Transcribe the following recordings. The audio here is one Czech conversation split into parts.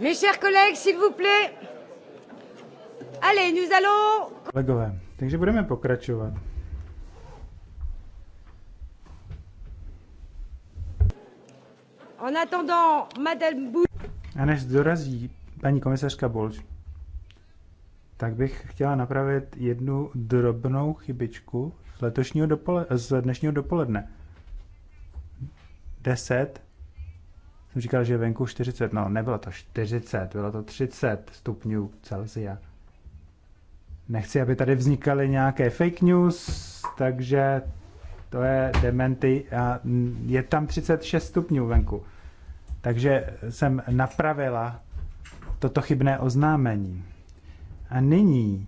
Mes chers collègues, s'il vous plaît. Allez, nous allons... Kolegové, takže budeme pokračovat. En attendant, Madame Bou... A než dorazí paní komisařka Bolč, tak bych chtěla napravit jednu drobnou chybičku z, letošního dopole- z dnešního dopoledne. 10 jsem říkal, že je venku 40, no nebylo to 40, bylo to 30 stupňů Celsia. Nechci, aby tady vznikaly nějaké fake news, takže to je dementy a je tam 36 stupňů venku. Takže jsem napravila toto chybné oznámení. A nyní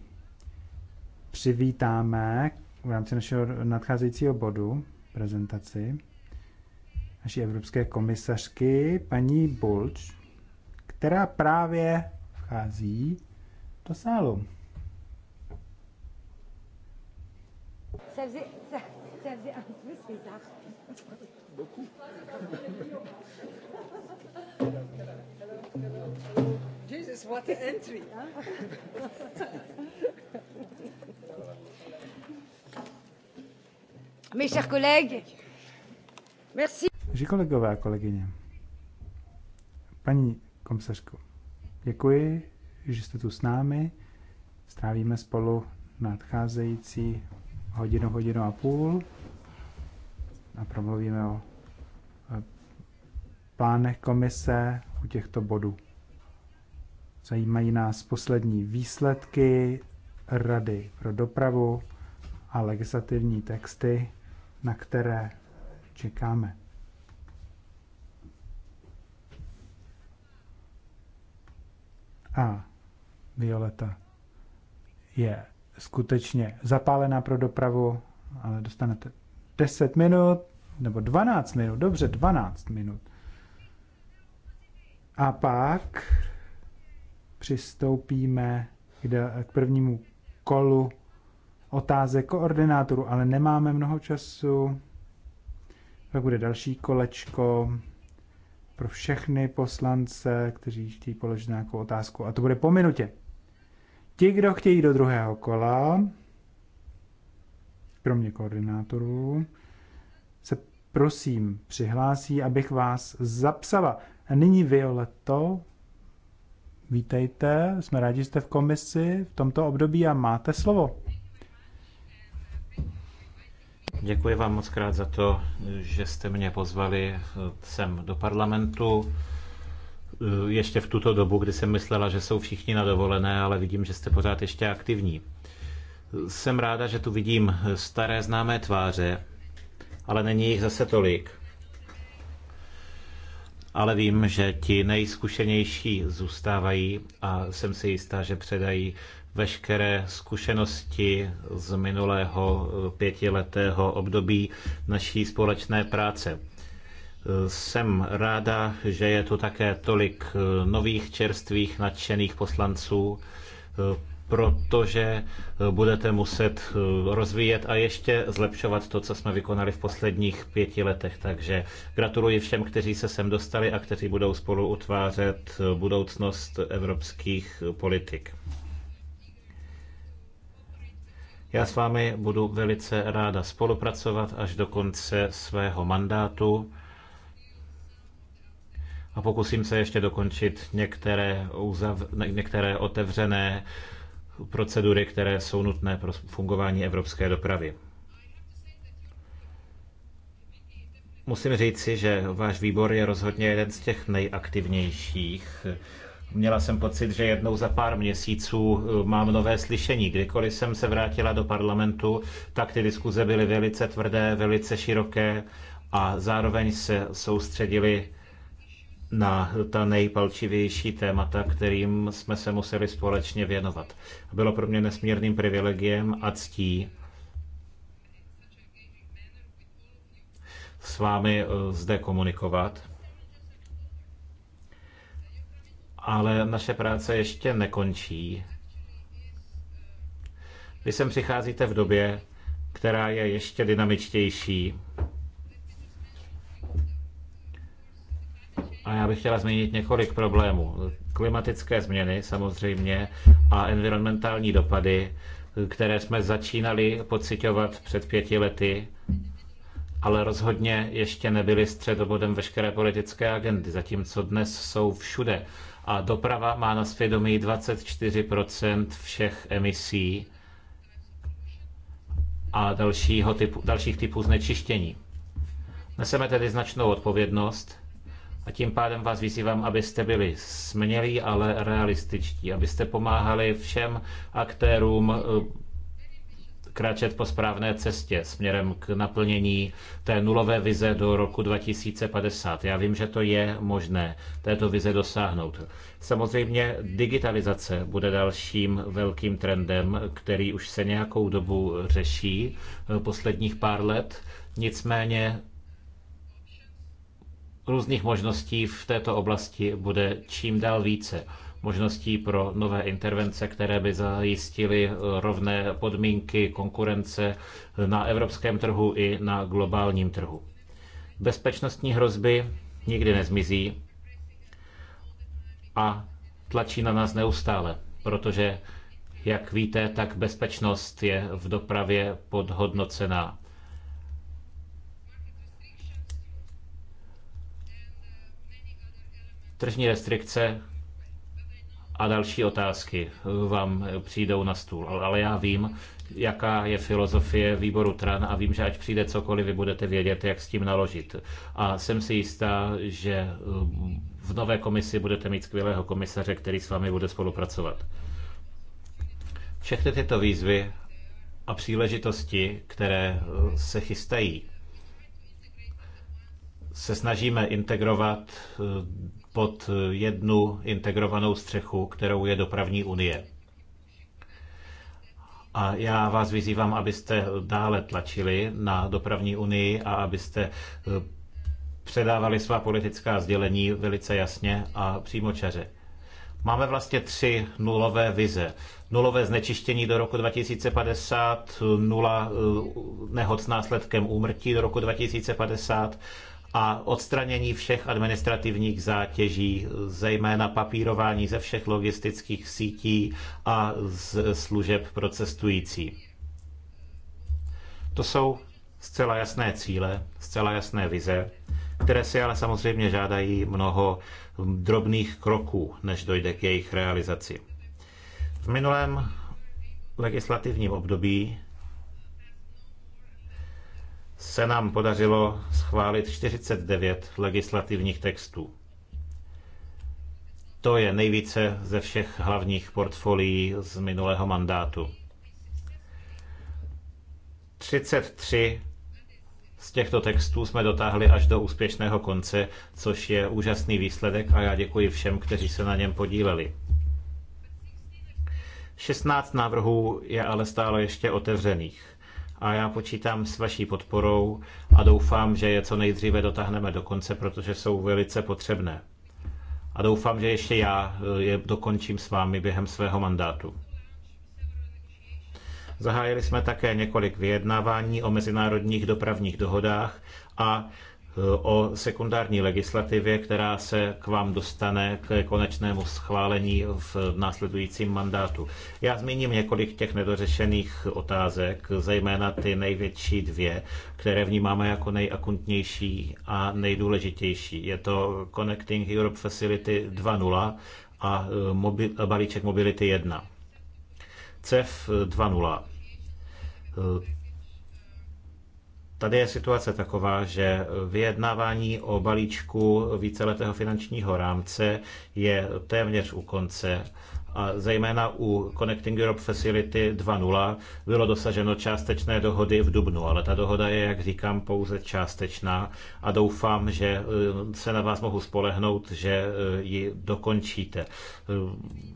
přivítáme v rámci našeho nadcházejícího bodu prezentaci naší evropské komisařky, paní Bulč, která právě vchází do sálu. Jesus, what an entry! Mes chers collègues, merci. Takže kolegové a kolegyně, paní komisařku, děkuji, že jste tu s námi. Strávíme spolu nadcházející hodinu, hodinu a půl a promluvíme o plánech komise u těchto bodů. Zajímají nás poslední výsledky Rady pro dopravu a legislativní texty, na které čekáme. A Violeta je skutečně zapálená pro dopravu, ale dostanete 10 minut, nebo 12 minut, dobře, 12 minut. A pak přistoupíme k prvnímu kolu otázek koordinátoru, ale nemáme mnoho času. Pak bude další kolečko pro všechny poslance, kteří chtějí položit nějakou otázku. A to bude po minutě. Ti, kdo chtějí do druhého kola, kromě koordinátorů, se prosím přihlásí, abych vás zapsala. A nyní Violeto, vítejte, jsme rádi, že jste v komisi v tomto období a máte slovo. Děkuji vám moc krát za to, že jste mě pozvali eh, sem do parlamentu. Eh, ještě v tuto dobu, kdy jsem myslela, že jsou všichni na dovolené, ale vidím, že jste pořád ještě aktivní. Jsem ráda, že tu vidím eh, staré známé tváře, ale není jich zase tolik. Ale vím, že ti nejzkušenější zůstávají a jsem si jistá, že předají veškeré zkušenosti z minulého eh, pětiletého období naší společné práce. Eh, jsem ráda, že je tu také tolik eh, nových čerstvých nadšených poslanců, protože budete muset rozvíjet a ještě zlepšovat to, co jsme vykonali v posledních pěti letech. Takže gratuluji všem, kteří se sem dostali a kteří budou spolu utvářet budoucnost evropských politik. Já s vámi budu velice ráda spolupracovat až do konce svého mandátu a pokusím se ještě dokončit některé, uzav, některé otevřené procedury, které jsou nutné pro fungování evropské dopravy. Musím říci, že váš výbor je rozhodně jeden z těch nejaktivnějších Měla jsem pocit, že jednou za pár měsíců eh, mám nové slyšení. Kdykoliv jsem se vrátila do parlamentu, tak ty diskuze byly velice tvrdé, velice široké a zároveň se soustředili na ta nejpalčivější témata, kterým jsme se museli společně věnovat. Bylo pro mě nesmírným privilegiem a ctí s vámi eh, zde komunikovat. ale naše práce ještě nekončí. Vy sem přicházíte v době, která je ještě dynamičtější. A já bych chtěla zmínit několik problémů. Klimatické změny samozřejmě a environmentální dopady, které jsme začínali pocitovat před pěti lety, ale rozhodně ještě nebyly středobodem veškeré politické agendy, zatímco dnes jsou všude a doprava má na svědomí 24 všech emisí a dalšího typu, dalších typů znečištění. Neseme tedy značnou odpovědnost a tím pádem vás vyzývám, abyste byli smělí, ale realističtí, abyste pomáhali všem aktérům eh, kráčet po správné cestě směrem k naplnění té nulové vize do roku 2050. Já vím, že to je možné této vize dosáhnout. Samozřejmě digitalizace bude dalším velkým trendem, který už se nějakou dobu řeší eh, posledních pár let. Nicméně různých možností v této oblasti bude čím dál více možností pro nové intervence, které by zajistily eh, rovné podmínky konkurence na evropském trhu i na globálním trhu. Bezpečnostní hrozby nikdy nezmizí a tlačí na nás neustále, protože, jak víte, tak bezpečnost je v dopravě podhodnocená. Tržní restrikce a další otázky vám přijdou na stůl. Ale já vím, jaká je filozofie výboru TRAN a vím, že ať přijde cokoliv, vy budete vědět, jak s tím naložit. A jsem si jistá, že eh, v nové komisi budete mít skvělého komisaře, který s vámi bude spolupracovat. Všechny tyto výzvy a příležitosti, které eh, se chystají, se snažíme integrovat eh, pod jednu integrovanou střechu, kterou je dopravní unie. A já vás vyzývám, abyste dále tlačili na dopravní unii a abyste eh, předávali svá politická sdělení velice jasně a přímočaře. Máme vlastně tři nulové vize. Nulové znečištění do roku 2050, nula eh, nehod s následkem úmrtí do roku 2050 a odstranění všech administrativních zátěží, zejména papírování ze všech logistických sítí a z služeb pro cestující. To jsou zcela jasné cíle, zcela jasné vize, které si ale samozřejmě žádají mnoho drobných kroků, než dojde k jejich realizaci. V minulém legislativním období se nám podařilo schválit 49 legislativních textů. To je nejvíce ze všech hlavních portfolií z minulého mandátu. 33 z těchto textů jsme dotáhli až do úspěšného konce, což je úžasný výsledek a já děkuji všem, kteří se na něm podíleli. 16 návrhů je ale stále ještě otevřených a já počítám s vaší podporou a doufám, že je co nejdříve dotáhneme do konce, protože jsou velice potřebné. A doufám, že ještě já eh, je dokončím s vámi během svého mandátu. Zahájili jsme také několik vyjednávání o mezinárodních dopravních dohodách a o sekundární legislativě, která se k vám dostane k konečnému schválení v následujícím mandátu. Já zmíním několik těch nedořešených otázek, zejména ty největší dvě, které vnímáme jako nejakutnější a nejdůležitější. Je to Connecting Europe Facility 2.0 a balíček Mobility 1. CEF 2.0. Tady je situace taková, že vyjednávání o balíčku víceletého finančního rámce je téměř u konce a zejména u Connecting Europe Facility 2.0 bylo dosaženo částečné dohody v Dubnu, ale ta dohoda je, jak říkám, pouze částečná a doufám, že eh, se na vás mohu spolehnout, že eh, ji dokončíte. Eh,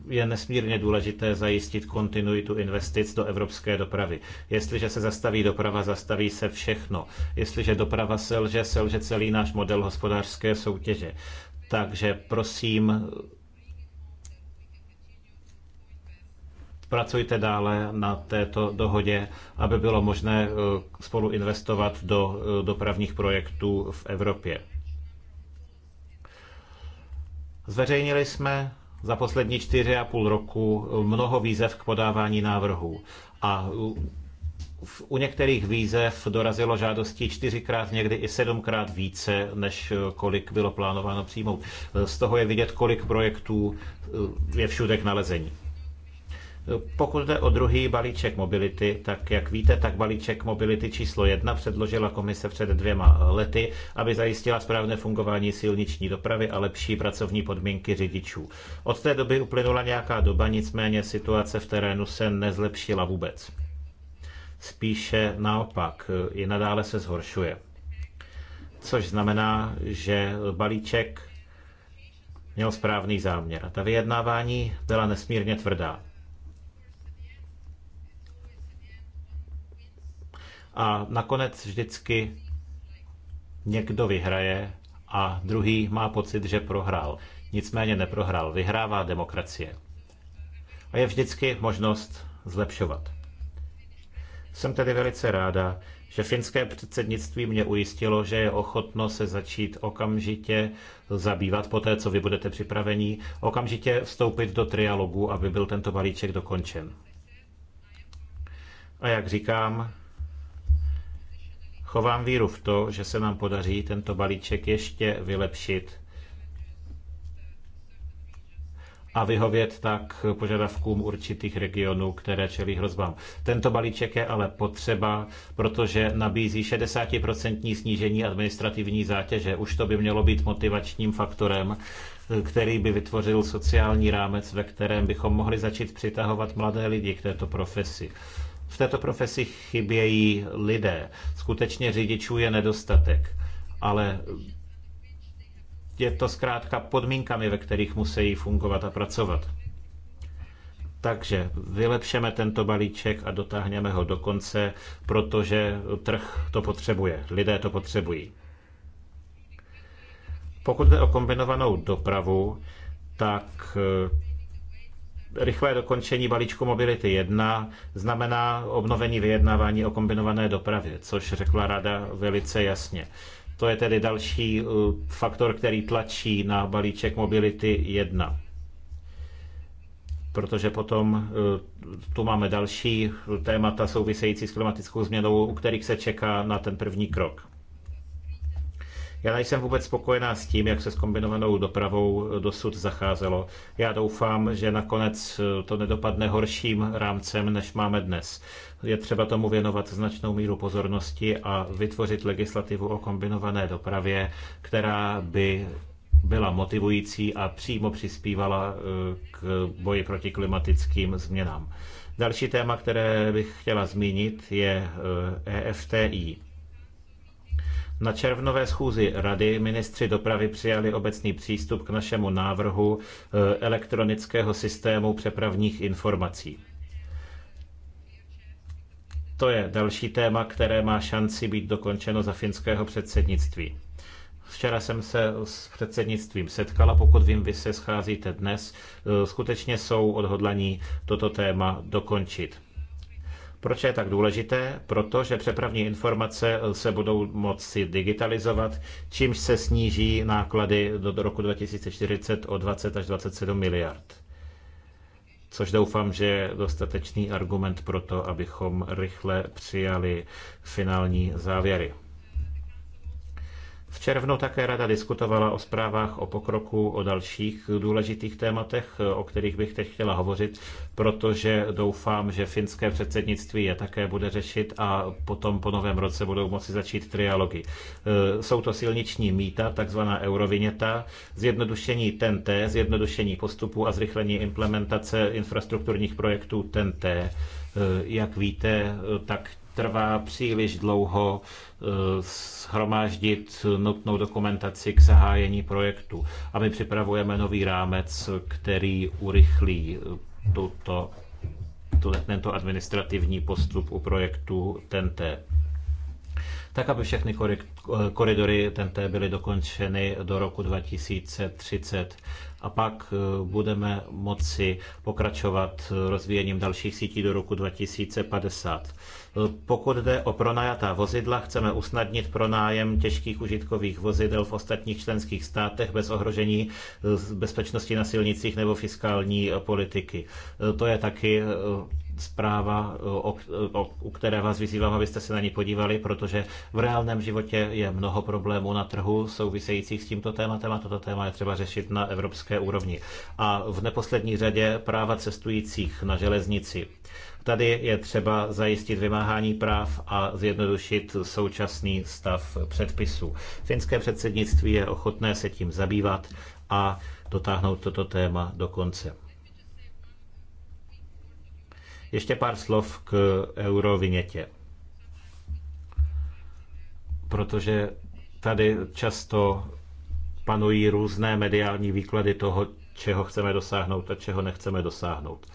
je nesmírně důležité zajistit kontinuitu investic do evropské dopravy. Jestliže se zastaví doprava, zastaví se všechno. Jestliže doprava selže, selže celý náš model hospodářské soutěže. Takže prosím, Pracujte dále na této dohodě, aby bylo možné eh, spolu investovat do eh, dopravních projektů v Evropě. Zveřejnili jsme za poslední čtyři a půl roku mnoho výzev k podávání návrhů. A u některých výzev dorazilo žádostí čtyřikrát, někdy i sedmkrát více, než eh, kolik bylo plánováno přijmout. Z toho je vidět, kolik projektů je všude k nalezení. Pokud jde o druhý balíček mobility, tak jak víte, tak balíček mobility číslo jedna předložila komise před dvěma lety, aby zajistila správné fungování silniční dopravy a lepší pracovní podmínky řidičů. Od té doby uplynula nějaká doba, nicméně situace v terénu se nezlepšila vůbec. Spíše naopak, i nadále se zhoršuje. Což znamená, že balíček měl správný záměr. Ta vyjednávání byla nesmírně tvrdá. a nakonec vždycky někdo vyhraje a druhý má pocit, že prohrál. Nicméně neprohrál, vyhrává demokracie. A je vždycky možnost zlepšovat. Jsem tedy velice ráda, že finské předsednictví mě ujistilo, že je ochotno se začít okamžitě zabývat po té, co vy budete připravení, okamžitě vstoupit do trialogu, aby byl tento balíček dokončen. A jak říkám, Chovám víru v to, že se nám podaří tento balíček ještě vylepšit a vyhovět tak požadavkům určitých regionů, které čelí hrozbám. Tento balíček je ale potřeba, protože nabízí 60% snížení administrativní zátěže. Už to by mělo být motivačním faktorem, který by vytvořil sociální rámec, ve kterém bychom mohli začít přitahovat mladé lidi k této profesi. V této profesi chybějí lidé. Skutečně řidičů je nedostatek. Ale je to zkrátka podmínkami, ve kterých musí fungovat a pracovat. Takže vylepšeme tento balíček a dotáhneme ho do konce, protože trh to potřebuje, lidé to potřebují. Pokud jde o kombinovanou dopravu, tak rychlé dokončení balíčku Mobility 1 znamená obnovení vyjednávání o kombinované dopravě, což řekla rada velice jasně. To je tedy další uh, faktor, který tlačí na balíček Mobility 1 protože potom uh, tu máme další uh, témata související s klimatickou změnou, u kterých se čeká na ten první krok. Já nejsem vůbec spokojená s tím, jak se s kombinovanou dopravou dosud zacházelo. Já doufám, že nakonec to nedopadne horším rámcem, než máme dnes. Je třeba tomu věnovat značnou míru pozornosti a vytvořit legislativu o kombinované dopravě, která by byla motivující a přímo přispívala eh, k boji proti klimatickým změnám. Další téma, které bych chtěla zmínit, je EFTI. Eh, e na červnové schůzi rady ministři dopravy přijali obecný přístup k našemu návrhu eh, elektronického systému přepravních informací. To je další téma, které má šanci být dokončeno za finského předsednictví. Včera jsem se s předsednictvím setkala, pokud vím, vy se scházíte dnes. Eh, skutečně jsou odhodlaní toto téma dokončit. Proč je tak důležité? Protože přepravní informace se budou moci digitalizovat, čímž se sníží náklady do roku 2040 o 20 až 27 miliard. Což doufám, že je dostatečný argument pro to, abychom rychle přijali finální závěry. V červnu také rada diskutovala o zprávách o pokroku, o dalších důležitých tématech, o kterých bych teď chtěla hovořit, protože doufám, že finské předsednictví je také bude řešit a potom po novém roce budou moci začít trialogy. E, jsou to silniční míta, takzvaná eurovineta, zjednodušení TNT, zjednodušení postupu a zrychlení implementace infrastrukturních projektů TNT. E, jak víte, tak trvá příliš dlouho eh, schromáždit nutnou dokumentaci k zahájení projektu. A my připravujeme nový rámec, který urychlí eh, tuto, tuto, tento administrativní postup u projektu TNT tak aby všechny koridory TNT byly dokončeny do roku 2030. A pak eh, budeme moci pokračovat rozvíjením dalších sítí do roku 2050. Eh, pokud jde o pronajatá vozidla, chceme usnadnit pronájem těžkých užitkových vozidel v ostatních členských státech bez ohrožení eh, bezpečnosti na silnicích nebo fiskální politiky. To je taky zpráva, o, o, u které vás vyzývám, abyste se na ní podívali, protože v reálném životě je mnoho problémů na trhu souvisejících s tímto tématem a toto téma je třeba řešit na evropské úrovni. A v neposlední řadě práva cestujících na železnici. Tady je třeba zajistit vymáhání práv a zjednodušit současný stav předpisů. Finské předsednictví je ochotné se tím zabývat a dotáhnout toto téma do konce. Ještě pár slov k eurovinětě. Protože tady často panují různé mediální výklady toho, čeho chceme dosáhnout a čeho nechceme dosáhnout.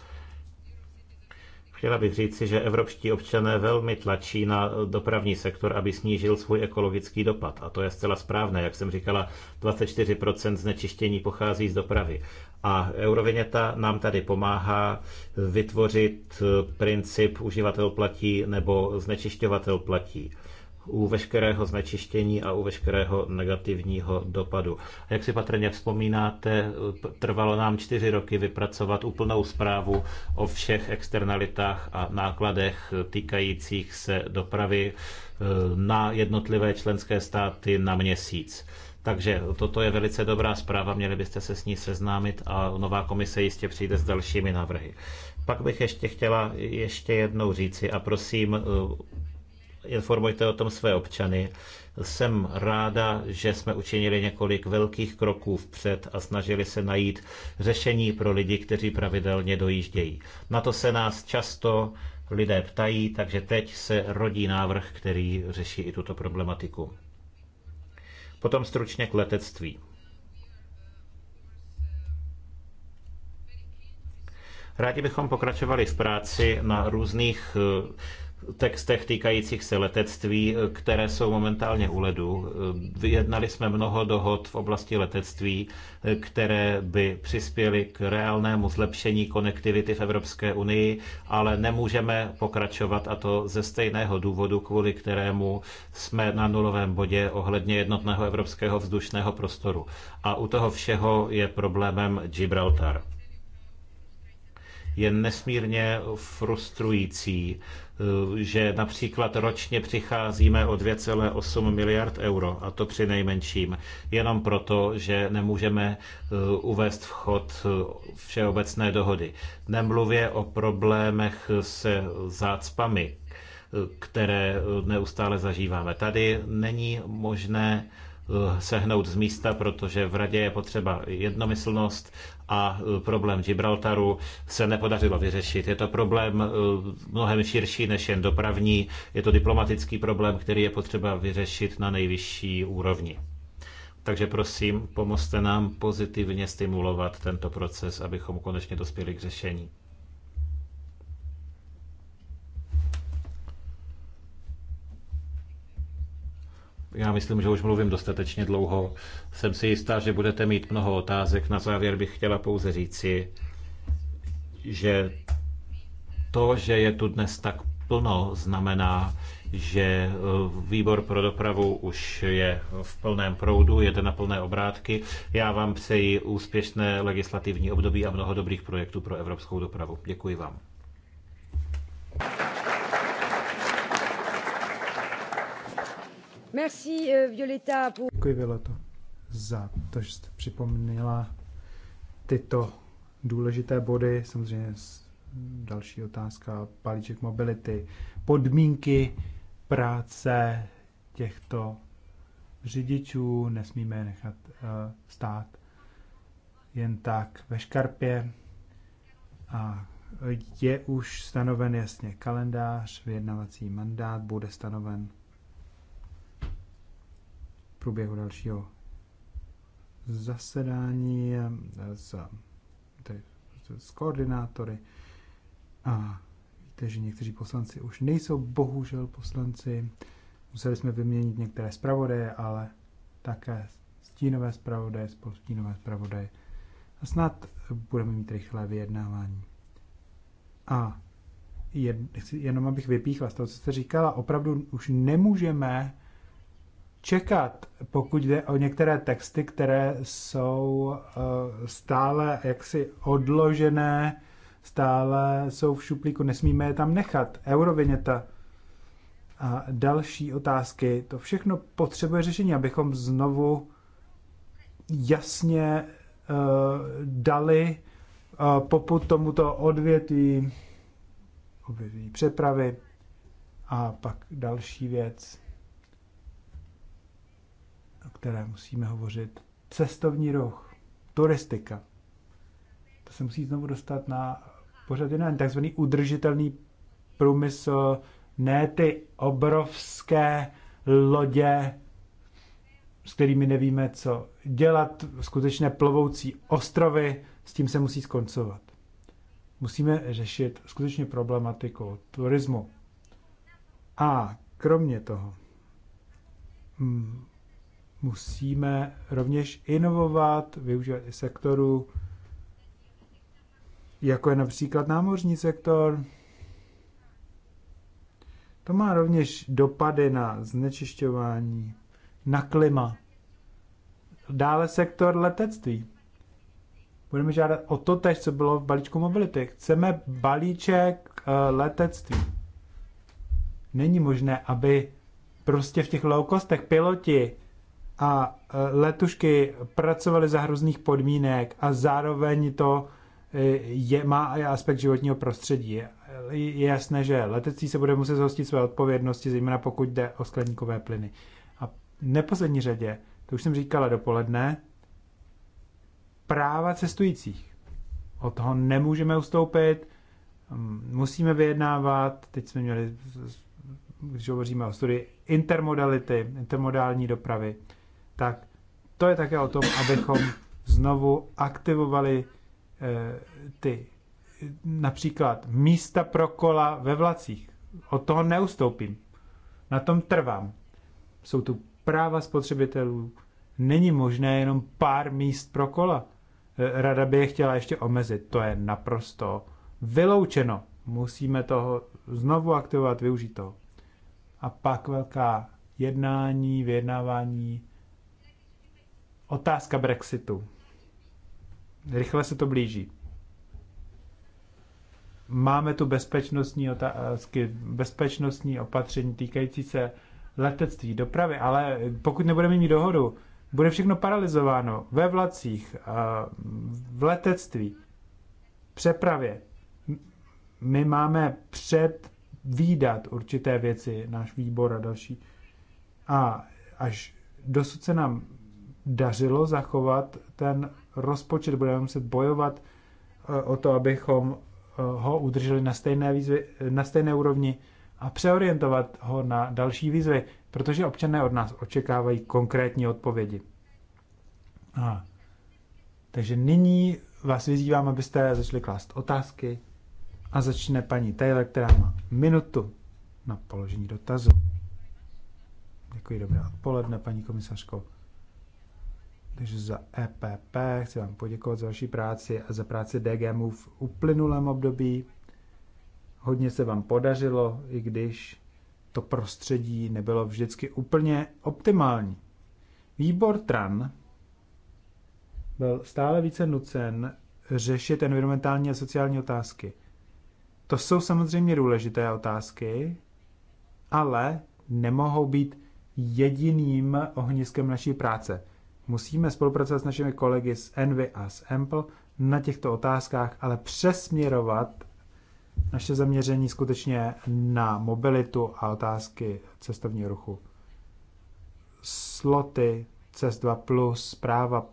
Chtěla bych říci, že evropští občané velmi tlačí na dopravní sektor, aby snížil svůj ekologický dopad. A to je zcela správné. Jak jsem říkala, 24% znečištění pochází z dopravy. A Eurovineta nám tady pomáhá vytvořit eh, princip uživatel platí nebo znečišťovatel platí u veškerého znečištění a u veškerého negativního dopadu. A jak si patrně vzpomínáte, trvalo nám čtyři roky vypracovat úplnou zprávu o všech externalitách a nákladech eh, týkajících se dopravy eh, na jednotlivé členské státy na měsíc. Takže toto je velice dobrá zpráva, měli byste se s ní seznámit a nová komise jistě přijde s dalšími návrhy. Pak bych ještě chtěla ještě jednou říci a prosím, eh, informujte o tom své občany. Jsem ráda, že jsme učinili několik velkých kroků vpřed a snažili se najít řešení pro lidi, kteří pravidelně dojíždějí. Na to se nás často lidé ptají, takže teď se rodí návrh, který řeší i tuto problematiku. Potom stručně k letectví. Rádi bychom pokračovali v práci na různých eh, textech týkajících se letectví, eh, které jsou momentálně u ledu. Eh, vyjednali jsme mnoho dohod v oblasti letectví, eh, které by přispěly k reálnému zlepšení konektivity v Evropské unii, ale nemůžeme pokračovat a to ze stejného důvodu, kvůli kterému jsme na nulovém bodě ohledně jednotného evropského vzdušného prostoru. A u toho všeho je problémem Gibraltar. Je nesmírně frustrující, Eh, že například ročně přicházíme o 2,8 miliard euro, a to při nejmenším, jenom proto, že nemůžeme eh, uvést vchod eh, všeobecné dohody. Nemluvě o problémech se zácpami, které neustále zažíváme. Tady není možné sehnout z místa, protože v radě je potřeba jednomyslnost a e, problém Gibraltaru se nepodařilo vyřešit. Je to problém e, mnohem širší než jen dopravní, je to diplomatický problém, který je potřeba vyřešit na nejvyšší úrovni. Takže prosím, pomozte nám pozitivně stimulovat tento proces, abychom konečně dospěli k řešení. Já myslím, že už mluvím dostatečně dlouho. Jsem si jistá, že budete mít mnoho otázek. Na závěr bych chtěla pouze říci, že to, že je tu dnes tak plno, znamená, že e, výbor pro dopravu už je v plném proudu, jede na plné obrátky. Já vám přeji úspěšné legislativní období a mnoho dobrých projektů pro evropskou dopravu. Děkuji vám. Merci, euh, Violeta. Pour... Děkuji, Violeta, za to, že jste připomněla tyto důležité body. Samozřejmě další otázka, palíček mobility, podmínky práce těchto řidičů, nesmíme je nechat uh, stát jen tak ve škarpě. A je už stanoven jasně kalendář, vyjednavací mandát bude stanoven průběhu dalšího zasedání eh, s, tedy, s koordinátory. A víte, že někteří poslanci už nejsou bohužel poslanci. Museli jsme vyměnit některé zpravodaje, ale také stínové zpravodaje, spolustínové zpravodaje. A snad budeme mít rychlé vyjednávání. A jen, jenom abych vypíchla z toho, co jste říkala, opravdu už nemůžeme čekat, pokud jde o některé texty, které jsou eh, stále jaksi odložené, stále jsou v šuplíku, nesmíme je tam nechat. Euroviněta a další otázky, to všechno potřebuje řešení, abychom znovu jasně uh, dali uh, poput tomuto odvětví přepravy a pak další věc o které musíme hovořit, cestovní ruch, turistika. To se musí znovu dostat na pořad jiné, takzvaný udržitelný průmysl, ne ty obrovské lodě, s kterými nevíme, co dělat, skutečné plovoucí ostrovy, s tím se musí skoncovat. Musíme řešit skutečně problematiku turismu. A kromě toho, mm, musíme rovněž inovovat, využívat i sektoru, jako je například námořní sektor. To má rovněž dopady na znečišťování, na klima. Dále sektor letectví. Budeme žádat o to tež, co bylo v balíčku mobility. Chceme balíček eh, letectví. Není možné, aby prostě v těch loukostech piloti a e, letušky pracovaly za hrozných podmínek a zároveň to e, je, má i aspekt životního prostředí. Je jasné, že letectví se bude muset zhostit své odpovědnosti, zejména pokud jde o skleníkové plyny. A v neposlední řadě, to už jsem říkala dopoledne, práva cestujících. Od toho nemůžeme ustoupit, musíme vyjednávat, teď jsme měli, když hovoříme o studii intermodality, intermodální dopravy, tak to je také o tom, abychom znovu aktivovali eh, ty například místa pro kola ve vlacích. Od toho neustoupím. Na tom trvám. Jsou tu práva spotřebitelů. Není možné jenom pár míst pro kola. Eh, rada by je chtěla ještě omezit. To je naprosto vyloučeno. Musíme toho znovu aktivovat, využít toho. A pak velká jednání, vyjednávání Otázka Brexitu. Rychle se to blíží. Máme tu bezpečnostní otázky, bezpečnostní opatření týkající se letectví, dopravy, ale pokud nebudeme mít dohodu, bude všechno paralizováno ve vlacích, eh, v letectví, přepravě. My máme předvídat určité věci, náš výbor a další. A až dosud se nám dařilo zachovat ten rozpočet. Budeme muset bojovat eh, o to, abychom eh, ho udrželi na stejné, výzvy, na stejné úrovni a přeorientovat ho na další výzvy, protože občané od nás očekávají konkrétní odpovědi. A, Takže nyní vás vyzývám, abyste začali klást otázky a začne paní Taylor, která má minutu na položení dotazu. Děkuji, dobré odpoledne, paní komisařko. Takže za EPP chci vám poděkovat za vaši práci a za práci DGMu v uplynulém období. Hodně se vám podařilo, i když to prostředí nebylo vždycky úplně optimální. Výbor TRAN byl stále více nucen řešit environmentální a sociální otázky. To jsou samozřejmě důležité otázky, ale nemohou být jediným ohniskem naší práce. Musíme spolupracovat s našimi kolegy z Envy a z Ample na těchto otázkách, ale přesměrovat naše zaměření skutečně na mobilitu a otázky cestovního ruchu. Sloty Cest 2 Plus, práva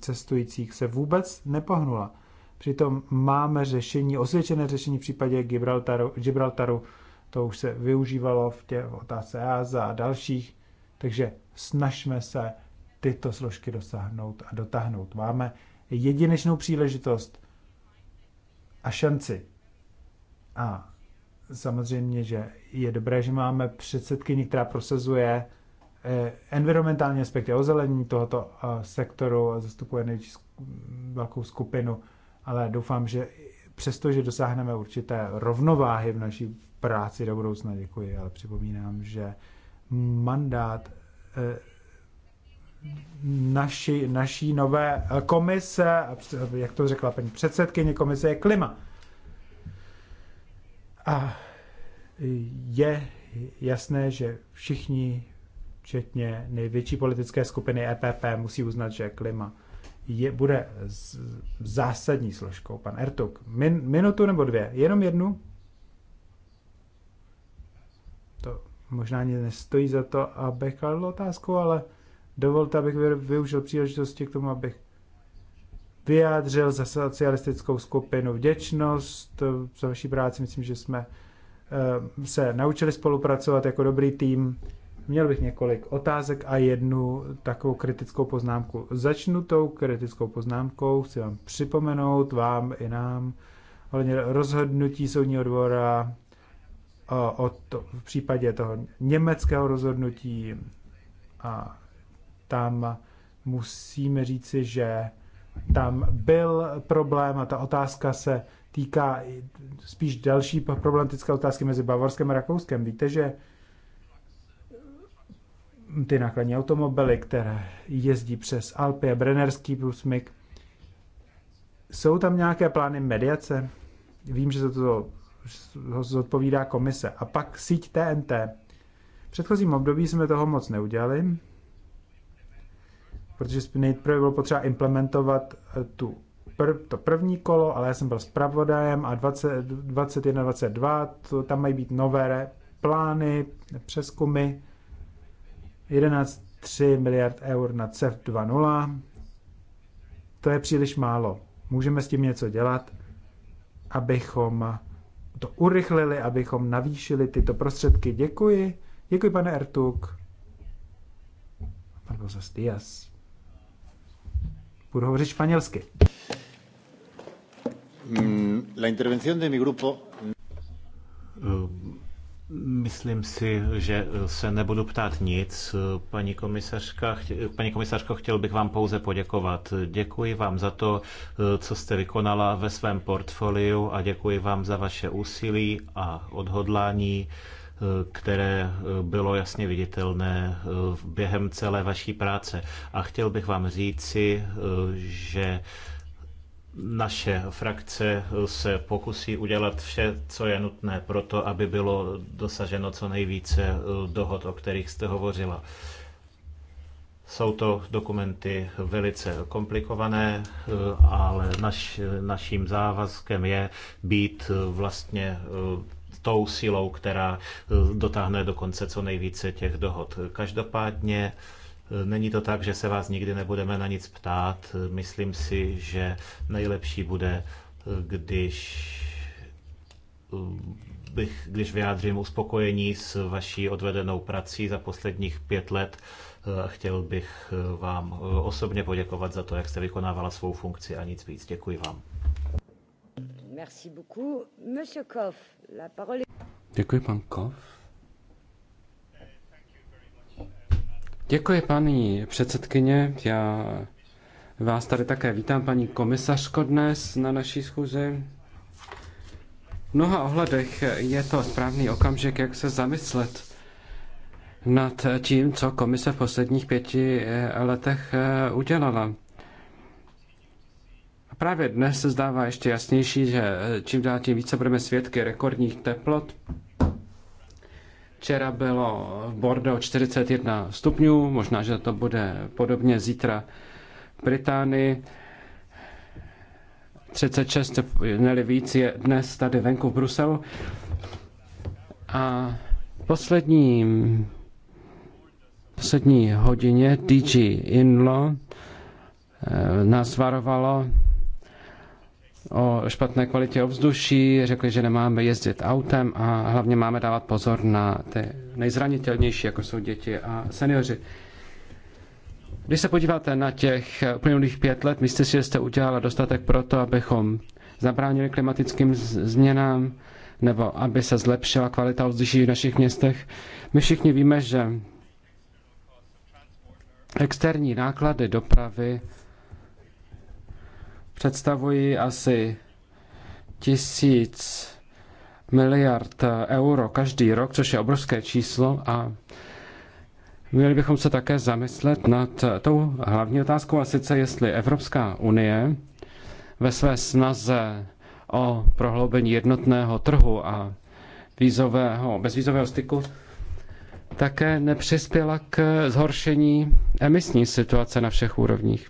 cestujících se vůbec nepohnula. Přitom máme řešení, osvědčené řešení v případě Gibraltaru, Gibraltaru to už se využívalo v těch otázce EASA a dalších, takže snažme se tyto složky dosáhnout a dotáhnout. Máme jedinečnou příležitost a šanci. A samozřejmě, že je dobré, že máme předsedkyni, která prosazuje eh, environmentální aspekty zelení tohoto eh, sektoru a zastupuje největší velkou skupinu, ale doufám, že přesto, že dosáhneme určité rovnováhy v naší práci do budoucna, děkuji, ale připomínám, že mandát eh, naši, naší nové eh, komise, jak to řekla paní předsedkyně, komise je klima. A je jasné, že všichni, včetně největší politické skupiny EPP, musí uznat, že klima je, bude z, zásadní složkou. Pan Ertuk, min, minutu nebo dvě? Jenom jednu? To možná ani nestojí za to, abych kladl otázku, ale Dovolte, abych využil příležitosti k tomu, abych vyjádřil za socialistickou skupinu vděčnost eh, za vaší práci. Myslím, že jsme eh, se naučili spolupracovat jako dobrý tým. Měl bych několik otázek a jednu takovou kritickou poznámku. Začnu tou kritickou poznámkou. Chci vám připomenout, vám i nám, ale rozhodnutí soudního dvora eh, o to, v případě toho německého rozhodnutí a tam musíme říci, že tam byl problém a ta otázka se týká spíš další problematické otázky mezi Bavorskem a Rakouskem. Víte, že ty nákladní automobily, které jezdí přes Alpy a Brennerský průsmyk, jsou tam nějaké plány mediace? Vím, že se to zodpovídá komise. A pak síť TNT. V předchozím období jsme toho moc neudělali, protože nejprve bylo potřeba implementovat eh, tu prv, to první kolo, ale já jsem byl zpravodajem a 2021 2022 22, to, tam mají být nové plány, přeskumy, 11,3 miliard eur na CEF 2.0, to je příliš málo. Můžeme s tím něco dělat, abychom to urychlili, abychom navýšili tyto prostředky. Děkuji. Děkuji, pane Ertuk. Pan Dias. Budu hovořit španělsky. Mm, la intervención de mi grupo... Eh, myslím si, že eh, se nebudu ptát nic. Eh, paní, komisařka, paní komisařko, chtěl bych vám pouze poděkovat. Děkuji vám za to, co jste vykonala ve svém portfoliu a děkuji vám za vaše úsilí a odhodlání které eh, bylo jasně viditelné eh, během celé vaší práce. A chtěl bych vám říci, eh, že naše frakce se pokusí udělat vše, co je nutné pro to, aby bylo dosaženo co nejvíce dohod, o kterých jste hovořila. Jsou to dokumenty velice komplikované, ale naš, naším závazkem je být vlastně tou silou, která eh, dotáhne do konce co nejvíce těch dohod. Každopádně eh, Není to tak, že se vás nikdy nebudeme na nic ptát. Myslím si, že nejlepší bude, eh, když bych, když vyjádřím uspokojení s vaší odvedenou prací za posledních pět let, chtěl bych vám osobně poděkovat za to, jak jste vykonávala svou funkci a nic víc. Děkuji vám. Merci beaucoup. Monsieur Koff, la parole est... Děkuji, pan Koff. Děkuji, paní předsedkyně. Já vás tady také vítám, paní komisařko, dnes na naší schůzi. V mnoha ohledech je to správný okamžik, jak se zamyslet nad tím, co komise v posledních pěti letech udělala. Právě dnes se zdává ještě jasnější, že eh, čím dál tím více budeme svědky rekordních teplot. Včera bylo v Bordeaux 41 stupňů, možná, že to bude podobně zítra v Británii. 36, neli víc, je dnes tady venku v Bruselu. A poslední, poslední hodině DG Inlo eh, nás varovalo o špatné kvalitě ovzduší, řekli, že nemáme jezdit autem a hlavně máme dávat pozor na ty nejzranitelnější, jako jsou děti a seniori. Když se podíváte na těch uplynulých pět let, myslíte si, že jste udělala dostatek pro to, abychom zabránili klimatickým změnám nebo aby se zlepšila kvalita ovzduší v našich městech? My všichni víme, že externí náklady dopravy představují asi tisíc miliard euro každý rok, což je obrovské číslo a měli bychom se také zamyslet nad tou hlavní otázkou a sice jestli Evropská unie ve své snaze o prohloubení jednotného trhu a vízového, bezvízového styku také nepřispěla k zhoršení emisní situace na všech úrovních.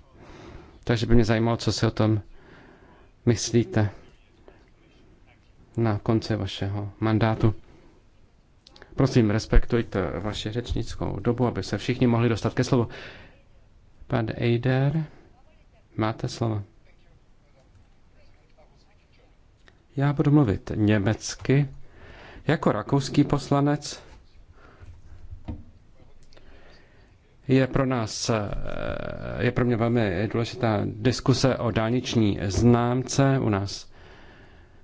Takže by mě zajímalo, co si o tom myslíte na konci vašeho mandátu. Prosím, respektujte vaši řečnickou dobu, aby se všichni mohli dostat ke slovu. Pan Eider, máte slovo. Já budu mluvit německy. Jako rakouský poslanec je pro nás eh, je pro mě velmi důležitá diskuse o dálniční známce. U nás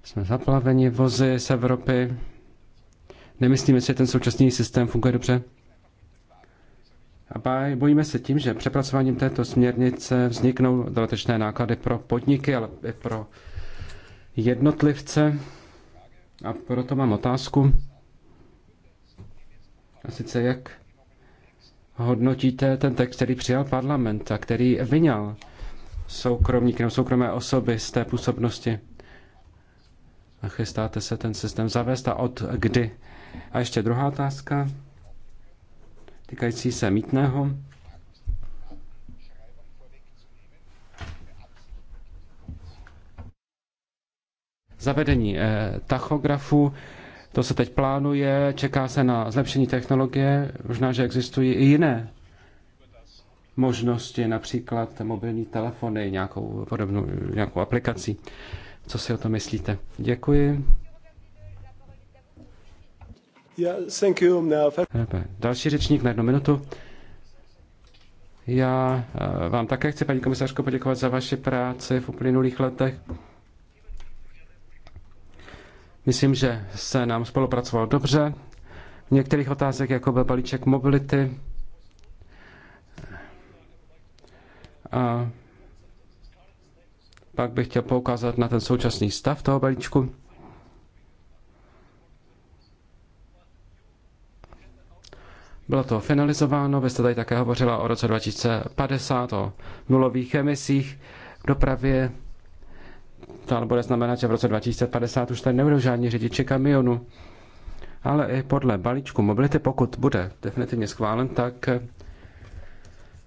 jsme zaplaveni vozy z Evropy. Nemyslíme si, že ten současný systém funguje dobře. A bojíme se tím, že přepracováním této směrnice vzniknou dodatečné náklady pro podniky, ale i pro jednotlivce. A proto mám otázku. A sice jak hodnotíte ten text, který přijal parlament a který vyňal soukromníky nebo soukromé osoby z té působnosti? A chystáte se ten systém zavést a od kdy? A ještě druhá otázka, týkající se mítného. Zavedení eh, tachografu to se teď plánuje, čeká se na zlepšení technologie, možná, že existují i jiné možnosti, například mobilní telefony, nějakou podobnou nějakou aplikací. Co si o to myslíte? Děkuji. Další řečník na jednu minutu. Já eh, vám také chci, paní komisařko, poděkovat za vaši práci v uplynulých letech. Myslím, že se nám spolupracovalo dobře. V některých otázek, jako byl balíček mobility, a pak bych chtěl poukázat na ten současný stav toho balíčku. Bylo to finalizováno, vy jste tady také hovořila o roce 2050, o nulových emisích v dopravě. To ale bude znamenat, že v roce 2050 už tady nebudou žádní řidiči kamionu, Ale i podle balíčku mobility, pokud bude definitivně schválen, tak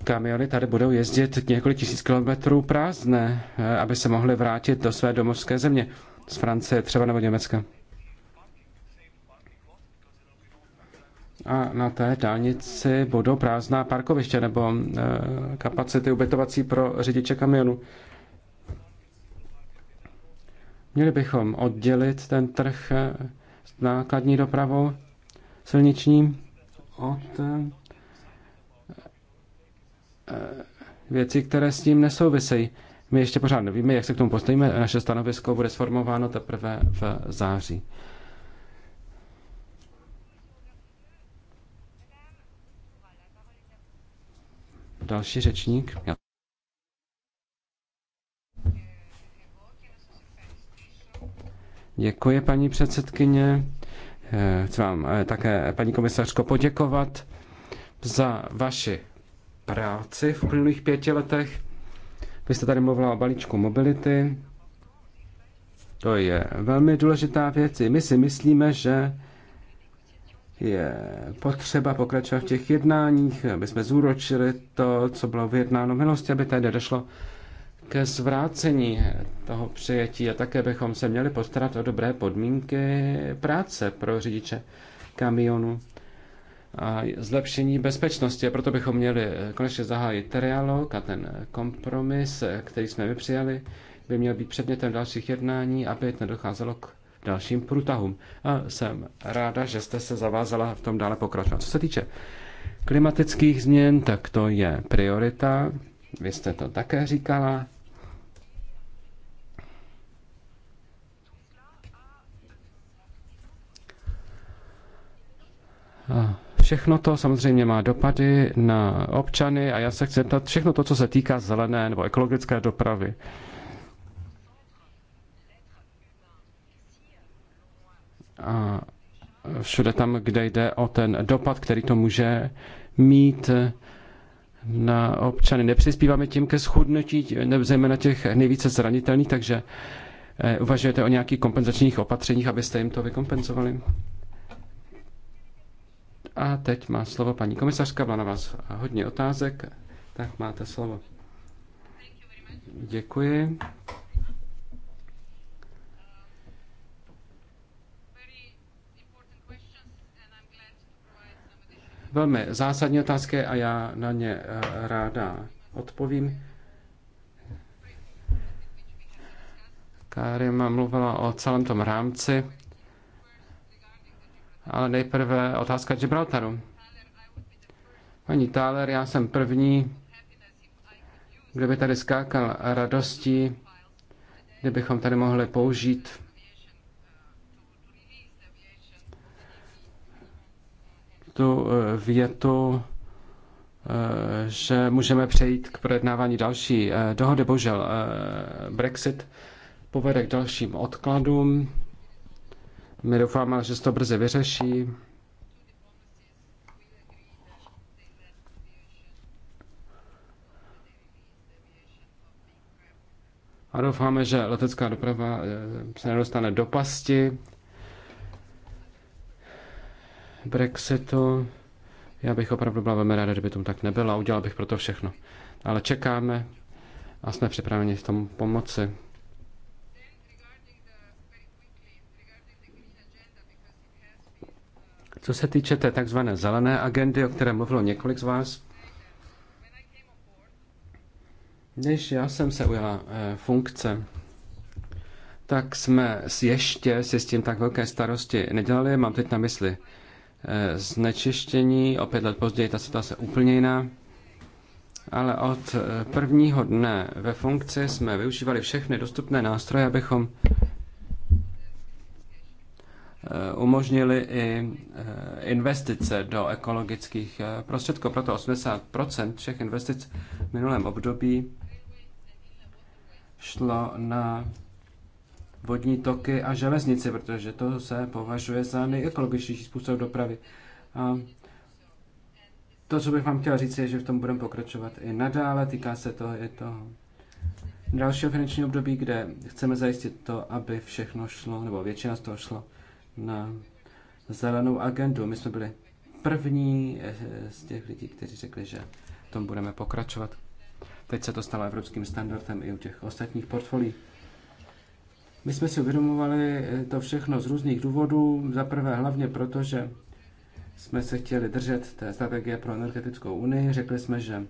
kamiony tady budou jezdit několik tisíc kilometrů prázdné, aby se mohly vrátit do své domovské země z Francie třeba nebo Německa. A na té dálnici budou prázdná parkoviště nebo eh, kapacity ubytovací pro řidiče kamionu. Měli bychom oddělit ten trh eh, s nákladní dopravou silniční od eh, eh, věcí, které s tím nesouvisejí. My ještě pořád nevíme, jak se k tomu postavíme. Naše stanovisko bude sformováno teprve v září. Další řečník. Děkuji, paní předsedkyně. Chci vám eh, také, paní komisařko, poděkovat za vaši práci v uplynulých pěti letech. Vy jste tady mluvila o balíčku mobility. To je velmi důležitá věc. I my si myslíme, že je potřeba pokračovat v těch jednáních, aby jsme zúročili to, co bylo vyjednáno v minulosti, aby tady došlo ke zvrácení toho přijetí a také bychom se měli postarat o dobré podmínky práce pro řidiče kamionu a zlepšení bezpečnosti. A proto bychom měli konečně zahájit trialog a ten kompromis, který jsme my přijali, by měl být předmětem dalších jednání, aby nedocházelo k dalším průtahům. A jsem ráda, že jste se zavázala v tom dále pokračovat. Co se týče klimatických změn, tak to je priorita. Vy jste to také říkala. Všechno to samozřejmě má dopady na občany a já se chci zeptat všechno to, co se týká zelené nebo ekologické dopravy. A všude tam, kde jde o ten dopad, který to může mít na občany. Nepřispíváme tím ke schudnutí, zejména těch nejvíce zranitelných, takže eh, uvažujete o nějakých kompenzačních opatřeních, abyste jim to vykompenzovali? A teď má slovo paní komisařka, byla na vás hodně otázek, tak máte slovo. Děkuji. Velmi zásadní otázky a já na ně eh, ráda odpovím. Karima mluvila o celém tom rámci ale nejprve otázka Gibraltaru. Paní Thaler, já jsem první, kdo by tady skákal radostí, kdybychom tady mohli použít tu eh, větu, eh, že můžeme přejít k projednávání další eh, dohody. Bohužel Brexit povede k dalším odkladům. My doufáme, že se to brzy vyřeší. A doufáme, že letecká doprava eh, se nedostane do pasti Brexitu. Já bych opravdu byla velmi ráda, kdyby tomu tak nebyla. Udělal bych pro to všechno. Ale čekáme a jsme připraveni v tom pomoci. Co se týče té takzvané zelené agendy, o které mluvilo několik z vás, když já jsem se ujala eh, funkce, tak jsme ještě si s tím tak velké starosti nedělali. Mám teď na mysli eh, znečištění, o pět let později ta situace úplně jiná. Ale od eh, prvního dne ve funkci jsme využívali všechny dostupné nástroje, abychom Eh, umožnili i eh, investice do ekologických eh, prostředků. Proto 80 všech investic v minulém období šlo na vodní toky a železnice, protože to se považuje za nejekologičtější způsob dopravy. A to, co bych vám chtěl říct, je, že v tom budeme pokračovat i nadále. Týká se to i toho dalšího finančního období, kde chceme zajistit to, aby všechno šlo, nebo většina z toho šlo na zelenou agendu. My jsme byli první eh, z těch lidí, kteří řekli, že v tom budeme pokračovat. Teď se to stalo evropským standardem i u těch ostatních portfolií. My jsme si uvědomovali eh, to všechno z různých důvodů. Za prvé hlavně proto, že jsme se chtěli držet té strategie pro energetickou unii. Řekli jsme, že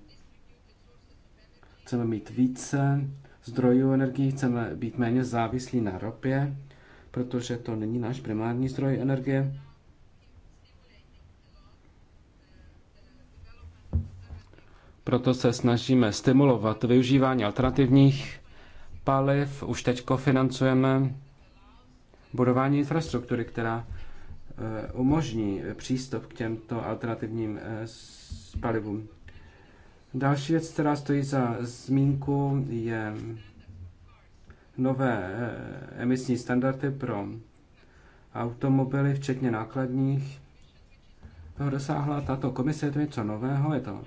chceme mít více zdrojů energií, chceme být méně závislí na ropě protože to není náš primární zdroj energie. Proto se snažíme stimulovat využívání alternativních paliv. Už teď financujeme budování infrastruktury, která e, umožní e, přístup k těmto alternativním e, palivům. Další věc, která stojí za zmínku, je nové eh, emisní standardy pro automobily, včetně nákladních. Toho dosáhla tato komise, je to něco nového, je to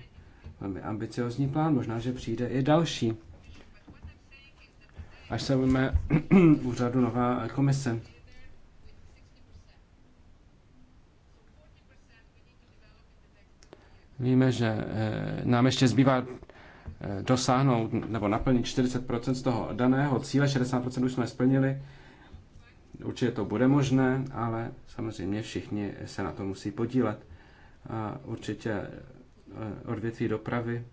velmi ambiciozní plán, možná, že přijde i další, až se ujme úřadu nová komise. Víme, že eh, nám ještě zbývá Eh, dosáhnout nebo naplnit 40% z toho daného cíle, 60% už jsme splnili, určitě to bude možné, ale samozřejmě všichni se na to musí podílet. A určitě eh, odvětví dopravy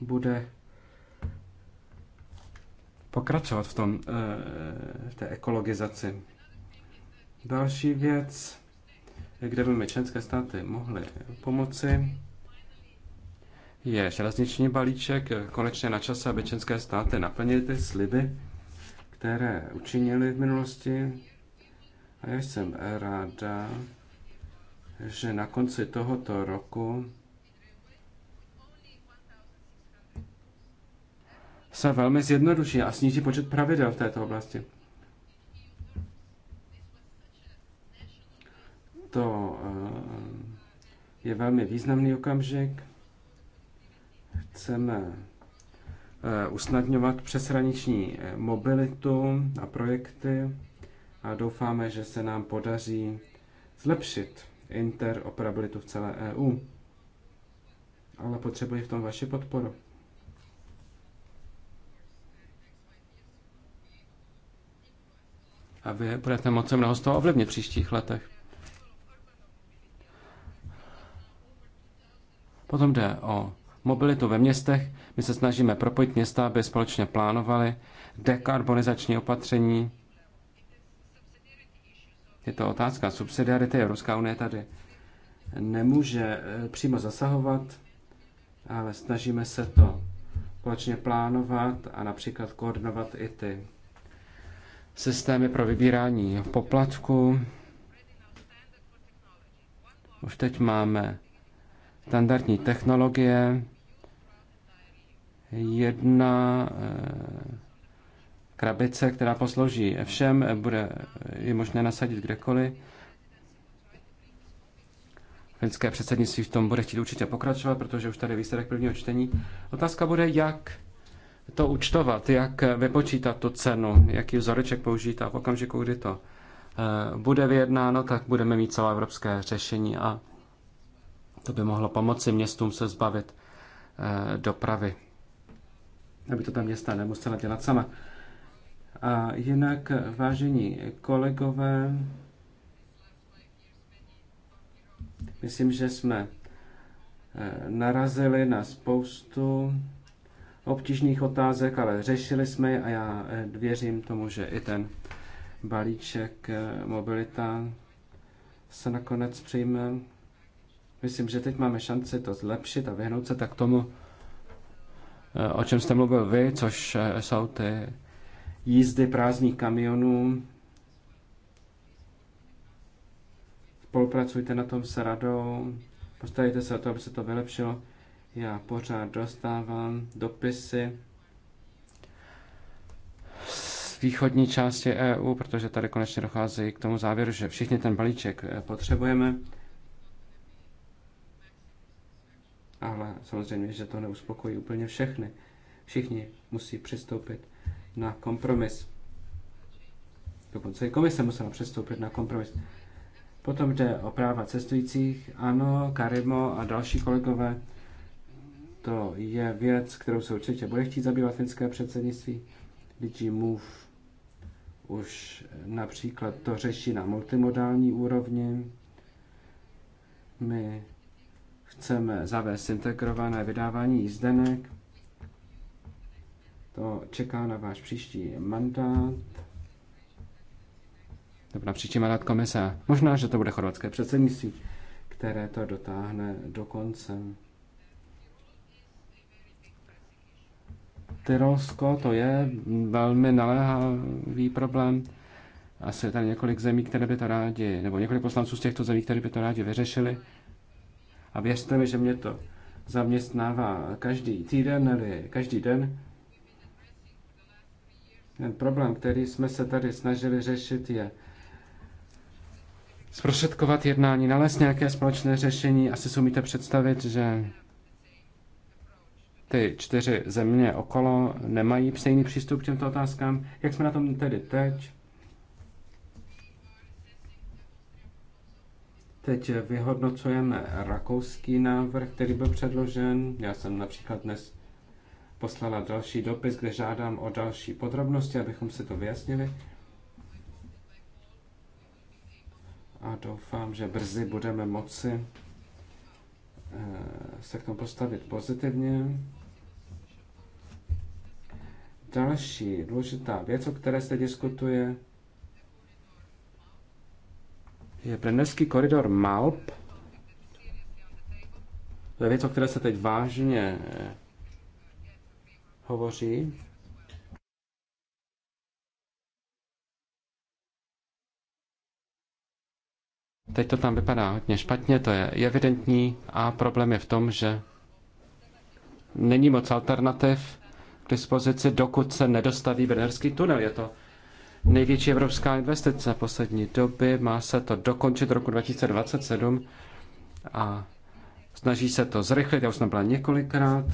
bude pokračovat v, tom, eh, v té ekologizaci. Další věc, kde by mi členské státy mohly pomoci, je železniční balíček konečně na čase, aby české státy naplnily ty sliby, které učinili v minulosti. A já jsem ráda, že na konci tohoto roku se velmi zjednoduší a sníží počet pravidel v této oblasti. To eh, je velmi významný okamžik. Chceme eh, usnadňovat přeshraniční eh, mobilitu a projekty a doufáme, že se nám podaří zlepšit interoperabilitu v celé EU. Ale potřebuji v tom vaši podporu. A vy budete moci mnoho z toho ovlivnit v příštích letech. Potom jde o mobilitu ve městech. My se snažíme propojit města, aby společně plánovali dekarbonizační opatření. Je to otázka subsidiarity. Evropská unie tady nemůže eh, přímo zasahovat, ale snažíme se to společně plánovat a například koordinovat i ty systémy pro vybírání poplatku. Už teď máme standardní technologie, jedna eh, krabice, která poslouží všem, bude je možné nasadit kdekoliv. Finské předsednictví v tom bude chtít určitě pokračovat, protože už tady výsledek prvního čtení. Otázka bude, jak to účtovat, jak vypočítat tu cenu, jaký vzoreček použít a v okamžiku, kdy to eh, bude vyjednáno, tak budeme mít evropské řešení a to by mohlo pomoci městům se zbavit eh, dopravy aby to ta města nemusela dělat sama. A jinak, vážení kolegové, myslím, že jsme eh, narazili na spoustu obtížných otázek, ale řešili jsme je a já eh, věřím tomu, že i ten balíček eh, mobilita se nakonec přijme. Myslím, že teď máme šanci to zlepšit a vyhnout se tak tomu, Eh, o čem jste mluvil vy, což eh, jsou ty jízdy prázdných kamionů. Spolupracujte na tom s radou, postarejte se o to, aby se to vylepšilo. Já pořád dostávám dopisy z východní části EU, protože tady konečně dochází k tomu závěru, že všichni ten balíček eh, potřebujeme. ale samozřejmě, že to neuspokojí úplně všechny. Všichni musí přistoupit na kompromis. Dokonce i komise musela přistoupit na kompromis. Potom jde o práva cestujících. Ano, Karimo a další kolegové. To je věc, kterou se určitě bude chtít zabývat finské předsednictví. DG Move už například to řeší na multimodální úrovni. My Chceme zavést integrované vydávání jízdenek. To čeká na váš příští mandát. Nebo na příští mandát komise. Možná, že to bude chorvatské předsednictví, které to dotáhne do konce. Tyrolsko, to je velmi naléhavý problém. Asi tady několik zemí, které by to rádi, nebo několik poslanců z těchto zemí, které by to rádi vyřešili. A věřte mi, že mě to zaměstnává každý týden, nebo každý den. Ten problém, který jsme se tady snažili řešit, je zprostředkovat jednání, nalézt nějaké společné řešení. Asi si umíte představit, že ty čtyři země okolo nemají stejný přístup k těmto otázkám. Jak jsme na tom tedy teď? Teď vyhodnocujeme rakouský návrh, který byl předložen. Já jsem například dnes poslala další dopis, kde žádám o další podrobnosti, abychom si to vyjasnili. A doufám, že brzy budeme moci eh, se k tomu postavit pozitivně. Další důležitá věc, o které se diskutuje, je Brennerský koridor Malp. To je věc, o které se teď vážně eh, hovoří. Teď to tam vypadá hodně špatně, to je evidentní a problém je v tom, že není moc alternativ k dispozici, dokud se nedostaví Brnerský tunel. Je to největší evropská investice poslední doby. Má se to dokončit roku 2027 a snaží se to zrychlit. Já už jsem byla několikrát.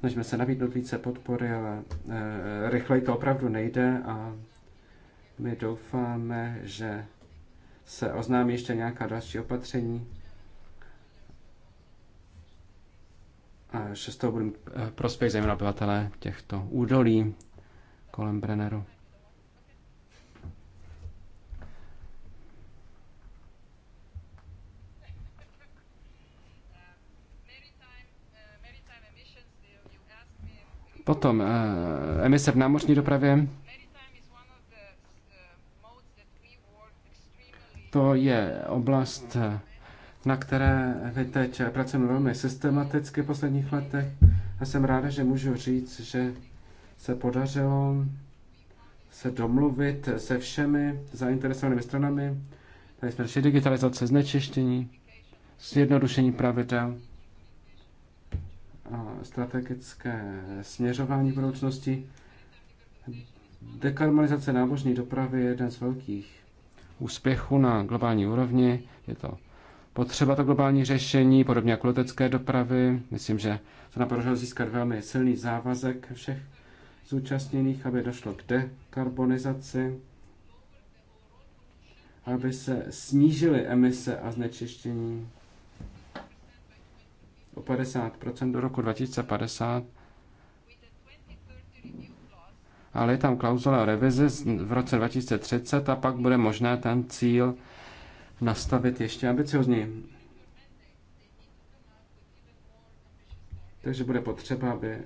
Snažíme se nabídnout více podpory, ale e, rychleji to opravdu nejde a my doufáme, že se oznámí ještě nějaká další opatření. A že z toho budou eh, prospěch zejména obyvatelé těchto údolí kolem Brenneru. Potom eh, emise v námořní dopravě. To je oblast, eh, na které vy teď pracujeme velmi systematicky v posledních letech. A jsem ráda, že můžu říct, že se podařilo se domluvit se všemi zainteresovanými stranami. Tady jsme řešili digitalizace, znečištění, zjednodušení pravidel strategické směřování budoucnosti. Dekarbonizace námořní dopravy je jeden z velkých úspěchů na globální úrovni. Je to potřeba to globální řešení, podobně jako letecké dopravy. Myslím, že se nám podařilo získat velmi silný závazek všech zúčastněných, aby došlo k dekarbonizaci, aby se snížily emise a znečištění o 50% do roku 2050. Ale je tam klauzule o revizi v roce 2030 a pak bude možné ten cíl nastavit ještě ambiciozněji. Takže bude potřeba, aby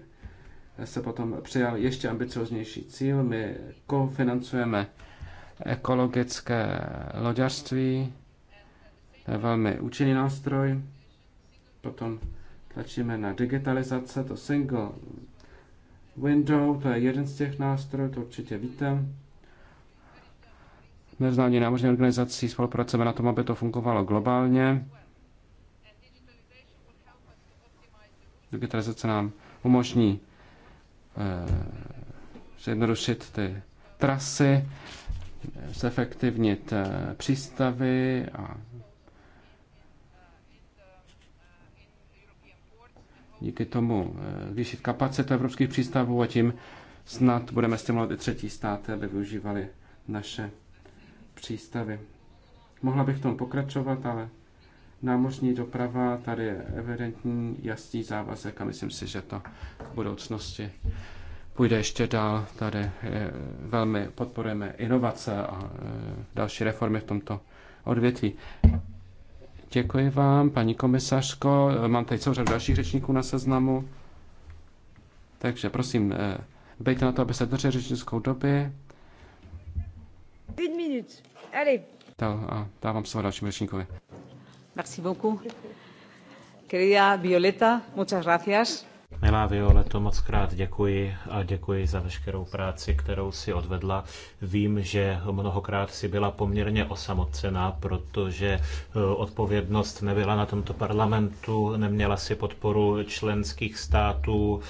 se potom přijal ještě ambicioznější cíl. My kofinancujeme ekologické loďařství, to je velmi účinný nástroj. Potom tlačíme na digitalizace, to single window, to je jeden z těch nástrojů, to určitě víte. Mezinárodní námořní organizací spolupracujeme na tom, aby to fungovalo globálně. Digitalizace nám umožní eh, zjednodušit ty trasy, zefektivnit eh, přístavy a díky tomu eh, zvýšit kapacitu evropských přístavů a tím snad budeme stimulovat i třetí státy, aby využívali naše přístavy. Mohla bych v tom pokračovat, ale námořní doprava, tady je evidentní jasný závazek a myslím si, že to v budoucnosti půjde ještě dál. Tady eh, velmi podporujeme inovace a eh, další reformy v tomto odvětví. Děkuji vám, paní komisařko. Mám tady celou řadu dalších řečníků na seznamu. Takže prosím, eh, bejte na to, aby se drželi řečnickou doby. Une minute. A Dávám slovo dalším řečníkovi. Merci beaucoup. Querida Violeta, muchas gracias. Milá Violeto, moc krát děkuji a děkuji za veškerou práci, kterou si odvedla. Vím, že mnohokrát si byla poměrně osamocená, protože eh, odpovědnost nebyla na tomto parlamentu, neměla si podporu členských států,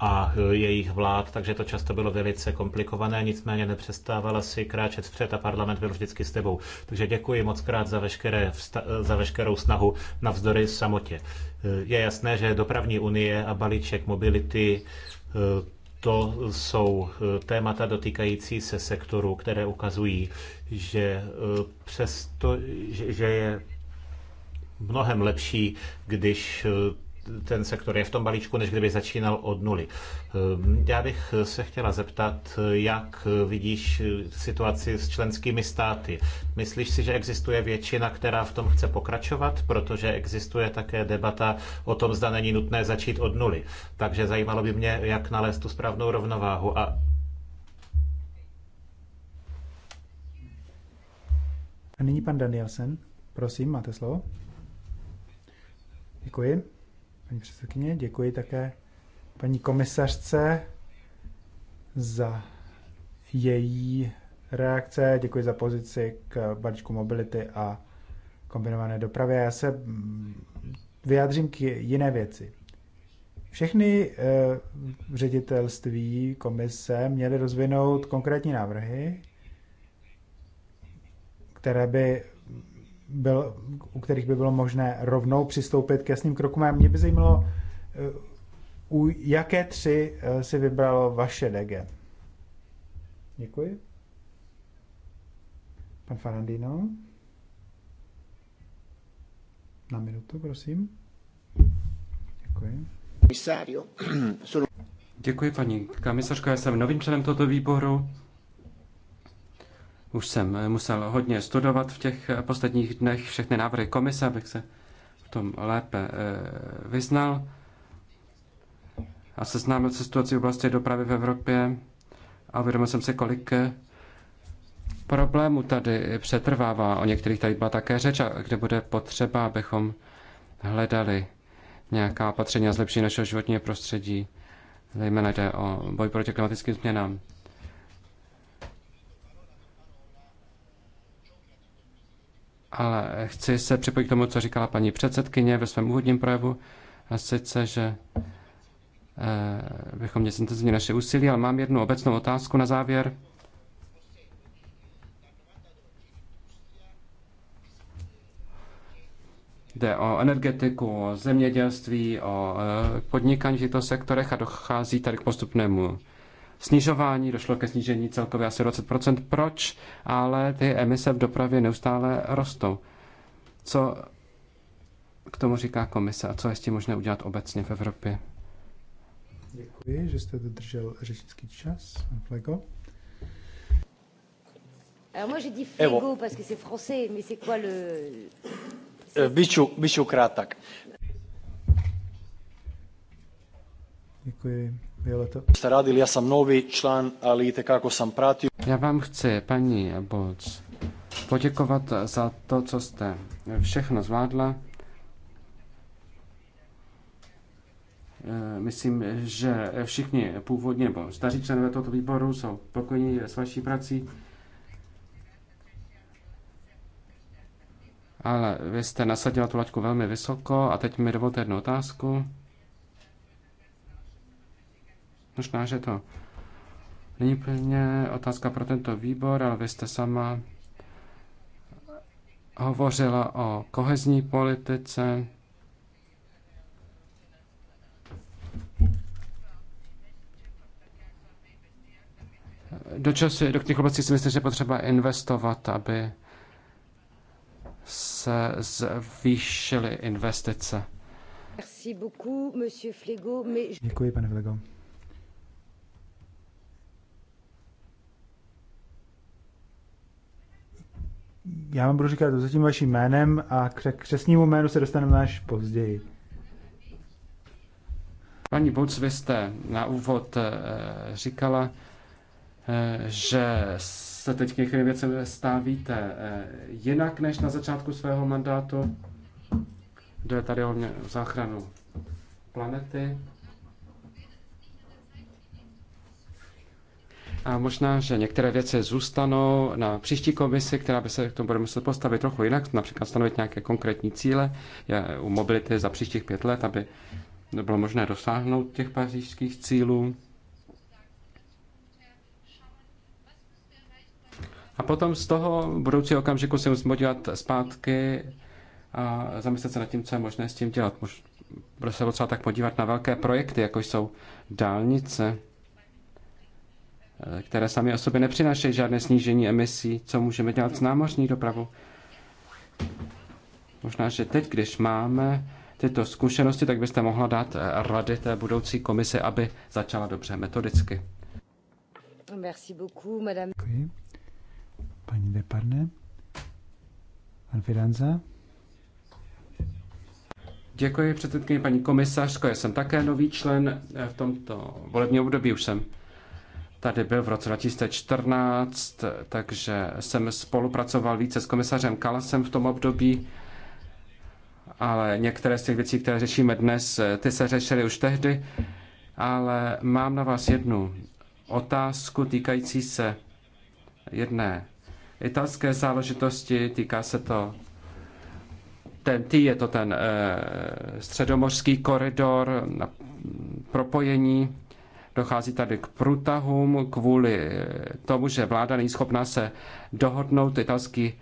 a eh, jejich vlád, takže to často bylo velice komplikované, nicméně nepřestávala si kráčet vpřed a parlament byl vždycky s tebou. Takže děkuji moc krát za, veškeré, za veškerou snahu navzdory samotě. Eh, je jasné, že dopravní unie a balíček mobility eh, to jsou eh, témata dotýkající se sektoru, které ukazují, že přesto, že je mnohem lepší, když ten sektor je v tom balíčku, než kdyby začínal od nuly. Ehm, já bych se chtěla zeptat, jak vidíš eh, situaci s členskými státy. Myslíš si, že existuje většina, která v tom chce pokračovat, protože existuje také debata o tom, zda není nutné začít od nuly. Takže zajímalo by mě, jak nalézt tu správnou rovnováhu. A A nyní pan Danielsen. Prosím, máte slovo. Děkuji paní předsedkyně. Děkuji také paní komisařce za její reakce. Děkuji za pozici k balíčku mobility a kombinované dopravě. Já se mm, vyjádřím k jiné věci. Všechny eh, ředitelství komise měly rozvinout konkrétní návrhy, které by byl, u kterých by bylo možné rovnou přistoupit k jasným krokům. A mě by zajímalo, eh, u jaké tři eh, si vybralo vaše DG? Děkuji. Pan Farandino. Na minutu, prosím. Děkuji. Děkuji, paní komisařko. Já jsem novým členem tohoto výboru už jsem musel hodně studovat v těch posledních dnech všechny návrhy komise, abych se v tom lépe eh, vyznal a seznámil se situací v oblasti dopravy v Evropě a uvědomil jsem se, kolik eh, problémů tady přetrvává. O některých tady byla také řeč, kde bude potřeba, abychom hledali nějaká opatření a zlepšení našeho životního prostředí. Zejména jde o boj proti klimatickým změnám. ale chci se připojit k tomu, co říkala paní předsedkyně ve svém úvodním projevu, a sice, že eh, bychom měli intenzivně naše úsilí, ale mám jednu obecnou otázku na závěr. Jde o energetiku, o zemědělství, o eh, podnikání v těchto sektorech a dochází tady k postupnému snižování, došlo ke snížení celkově asi 20%. Proč? Ale ty emise v dopravě neustále rostou. Co k tomu říká komise a co je s tím možné udělat obecně v Evropě? Děkuji, že jste dodržel řečnický čas. Flego. Alors eh, euh, krátak. Děkuji je Jste radil, já jsem nový člen, ale i jako jsem pratil. Já vám chci, paní Bolc, poděkovat za to, co jste všechno zvládla. Eh, myslím, že všichni původně, nebo staří členové tohoto výboru jsou spokojení s vaší prací. Ale vy jste nasadila tu laťku velmi vysoko a teď mi dovolte jednu otázku. Možná, že to není plně otázka pro tento výbor, ale vy jste sama hovořila o kohezní politice. Do, času, do těch oblastí si myslím, že potřeba investovat, aby se zvýšily investice. Děkuji, pane Flego. já vám budu říkat zatím vaším jménem a k křesnímu jménu se dostaneme až později. Paní Buc, vy jste na úvod eh, říkala, eh, že se teď k některým věcem stávíte eh, jinak než na začátku svého mandátu. Jde tady o záchranu planety. A možná, že některé věci zůstanou na příští komisi, která by se k tomu bude muset postavit trochu jinak, například stanovit nějaké konkrétní cíle je, u mobility za příštích pět let, aby bylo možné dosáhnout těch pařížských cílů. A potom z toho budoucího okamžiku se musíme podívat zpátky a zamyslet se nad tím, co je možné s tím dělat. Bude se potřeba tak podívat na velké projekty, jako jsou dálnice. Eh, které sami o sobě nepřinášejí žádné snížení emisí, co můžeme dělat s námořní dopravou. Možná, že teď, když máme tyto zkušenosti, tak byste mohla dát eh, rady té budoucí komise, aby začala dobře metodicky. Merci beaucoup, madame. Děkuji. Paní Deparne. Pan Firanza. Děkuji předsedkyně paní komisařko, já jsem také nový člen eh, v tomto volebním období, už jsem tady byl v roce 2014, takže jsem spolupracoval více s komisařem Kalasem v tom období, ale některé z těch věcí, které řešíme dnes, ty se řešily už tehdy, ale mám na vás jednu otázku týkající se jedné italské záležitosti, týká se to ten T, je to ten e, středomořský koridor na propojení Dochází tady k průtahům kvůli tomu, že vláda není schopná se dohodnout. Italský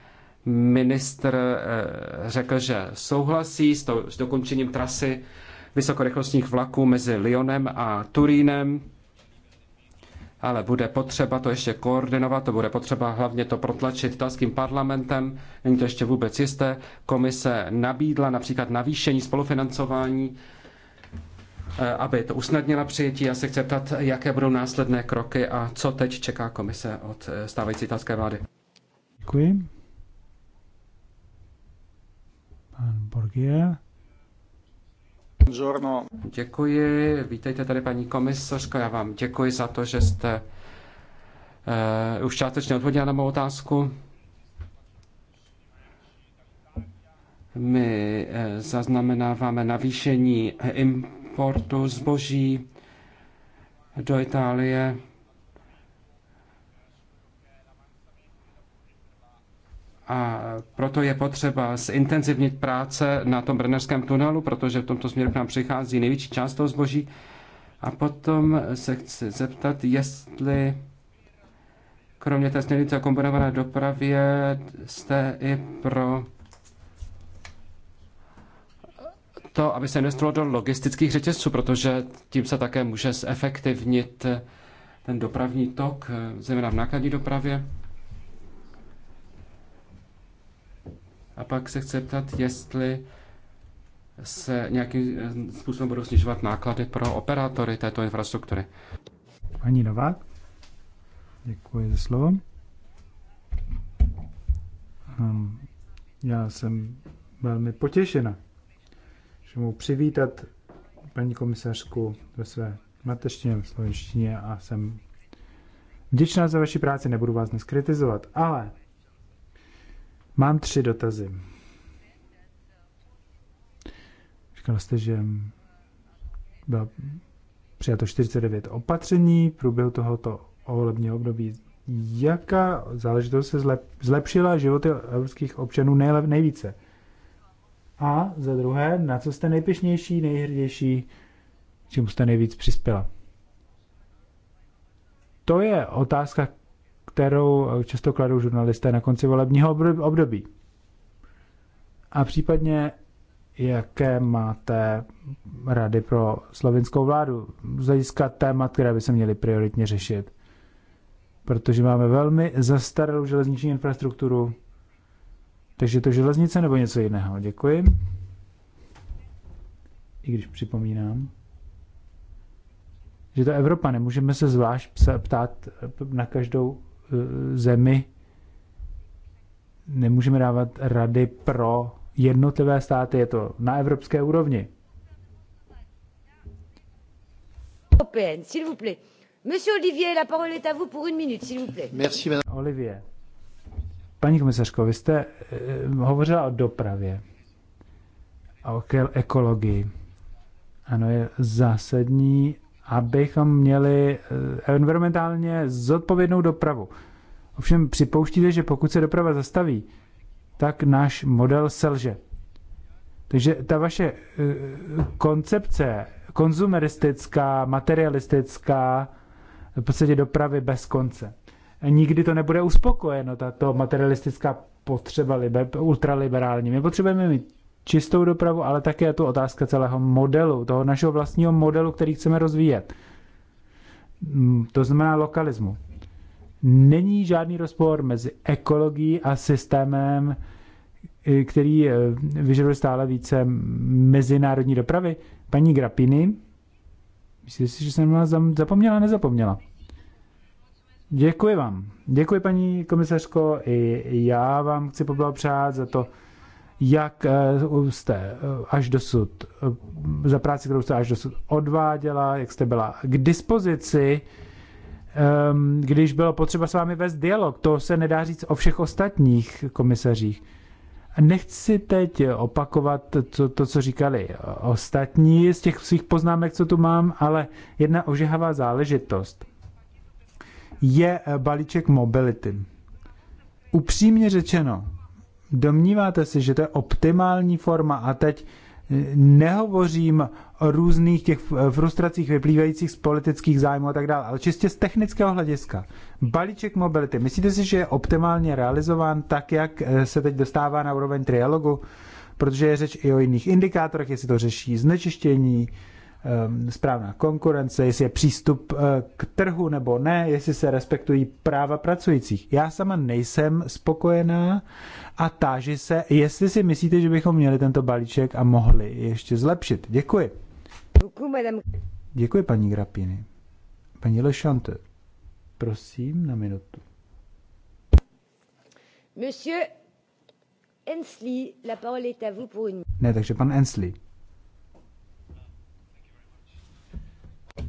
ministr eh, řekl, že souhlasí s, to, s dokončením trasy vysokorychlostních vlaků mezi Lyonem a Turínem, ale bude potřeba to ještě koordinovat, to bude potřeba hlavně to protlačit italským parlamentem, není to ještě vůbec jisté. Komise nabídla například navýšení spolufinancování Eh, aby to usnadnila přijetí. Já se chci ptat, jaké budou následné kroky a co teď čeká komise od eh, stávající italské vlády. Děkuji. Pan Borgia. Buongiorno. Děkuji, vítejte tady paní komisařko, já vám děkuji za to, že jste uh, už částečně odpověděla na mou otázku. My zaznamenáváme navýšení imp- importu zboží do Itálie. A proto je potřeba zintenzivnit práce na tom brnerském tunelu, protože v tomto směru k nám přichází největší část toho zboží. A potom se chci zeptat, jestli kromě té směrnice o kombinované dopravě jste i pro to, aby se investovalo do logistických řetězců, protože tím se také může zefektivnit eh, ten dopravní tok, eh, zejména v nákladní dopravě. A pak se chce ptat, jestli se nějakým eh, způsobem budou snižovat náklady pro operátory této infrastruktury. Paní Novák, děkuji za slovo. Hm, já jsem velmi potěšena mu přivítat paní komisařku ve své mateřštině, v slovenštině a jsem vděčná za vaši práci, nebudu vás dnes kritizovat, ale mám tři dotazy. Říkala jste, že byla přijato 49 opatření v průběhu tohoto ohledního období. Jaká záležitost se zlepšila životy evropských občanů nejvíce? A za druhé, na co jste nejpišnější, nejhrdější, čemu jste nejvíc přispěla? To je otázka, kterou často kladou žurnalisté na konci volebního období. A případně, jaké máte rady pro slovinskou vládu z témat, které by se měly prioritně řešit? Protože máme velmi zastaralou železniční infrastrukturu, takže to železnice nebo něco jiného? Děkuji. I když připomínám, že to Evropa, nemůžeme se zvlášť ptát eh, na každou eh, zemi, nemůžeme dávat rady pro jednotlivé státy, je to na evropské úrovni. S'il vous plaît. Monsieur Olivier, la parole est à vous pour une minute, s'il vous plaît. Merci, madame. Olivier. Paní komisařko, vy jste eh, hovořila o dopravě a o ekologii. Ano, je zásadní, abychom měli eh, environmentálně zodpovědnou dopravu. Ovšem připouštíte, že pokud se doprava zastaví, tak náš model selže. Takže ta vaše eh, koncepce konzumeristická, materialistická, v podstatě dopravy bez konce nikdy to nebude uspokojeno, tato materialistická potřeba liber, ultraliberální. My potřebujeme mít čistou dopravu, ale také tu otázka celého modelu, toho našeho vlastního modelu, který chceme rozvíjet. Mm, to znamená lokalismu. Není žádný rozpor mezi ekologií a systémem, který e, vyžaduje stále více mezinárodní dopravy. Paní Grapiny, myslím si, že jsem zapomněla, nezapomněla. Děkuji vám. Děkuji, paní komisařko. I já vám chci poblahopřát za to, jak eh, jste eh, až dosud, eh, za práci, kterou jste až dosud odváděla, jak jste byla k dispozici, ehm, když bylo potřeba s vámi vést dialog. To se nedá říct o všech ostatních komisařích. Nechci teď opakovat to, to, co říkali ostatní z těch svých poznámek, co tu mám, ale jedna ožehavá záležitost – je eh, balíček mobility. Upřímně řečeno, domníváte se, že to je optimální forma a teď eh, nehovořím o různých těch eh, frustracích vyplývajících z politických zájmů a tak dále, ale čistě z technického hlediska. Balíček mobility, myslíte si, že je optimálně realizován tak, jak se teď dostává na úroveň trialogu? Protože je řeč i o jiných indikátorech, jestli to řeší znečištění, Ehm, správná konkurence, jestli je přístup eh, k trhu nebo ne, jestli se respektují práva pracujících. Já sama nejsem spokojená a táži se, jestli si myslíte, že bychom měli tento balíček a mohli ještě zlepšit. Děkuji. Děkuji, paní Grapiny. Paní Lešante, prosím na minutu. Monsieur Ensley, la parole est à vous pour une... Ne, takže pan Ensley.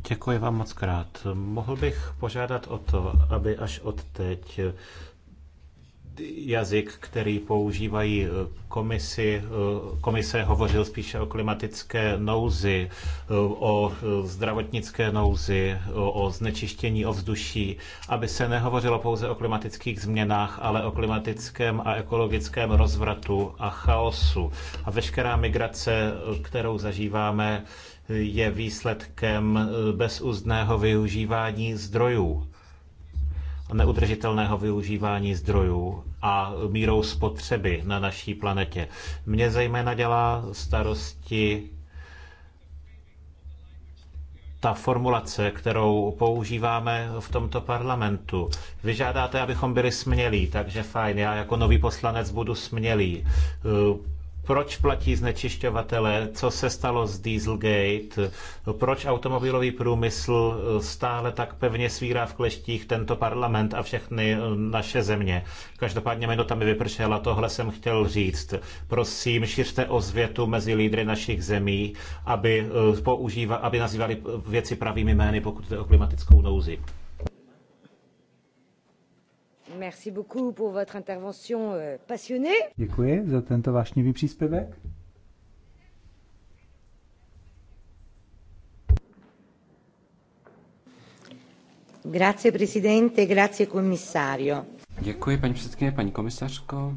Děkuji vám moc krát. Mohl bych požádat o to, aby až od teď jazyk, který používají eh, komisi, eh, komise hovořil spíše o klimatické nouzi, eh, o zdravotnické nouzi, o znečištění ovzduší, aby se nehovořilo pouze o klimatických změnách, ale o klimatickém a ekologickém rozvratu a chaosu. A veškerá migrace, kterou zažíváme, je výsledkem eh, bezúzdného využívání zdrojů, neudržitelného využívání zdrojů a mírou spotřeby na naší planetě. Mě zejména dělá starosti ta formulace, kterou používáme v tomto parlamentu. Vyžádáte, abychom byli smělí, takže fajn, já jako nový poslanec budu smělý. Eh, proč platí znečišťovatele, co se stalo s Dieselgate, proč automobilový průmysl stále tak pevně svírá v kleštích tento parlament a všechny eh, naše země. Každopádně minuta mi vypršela, tohle jsem chtěl říct. Prosím, šiřte zvětu mezi lídry našich zemí, aby, eh, používa, aby nazývali eh, věci pravými jmény, pokud jde o klimatickou nouzi. Merci beaucoup pour votre intervention euh, passionnée. Děkuji za tento vášnivý příspěvek. Grazie presidente, grazie commissario. Děkuji paní předsedkyně, paní komisařko.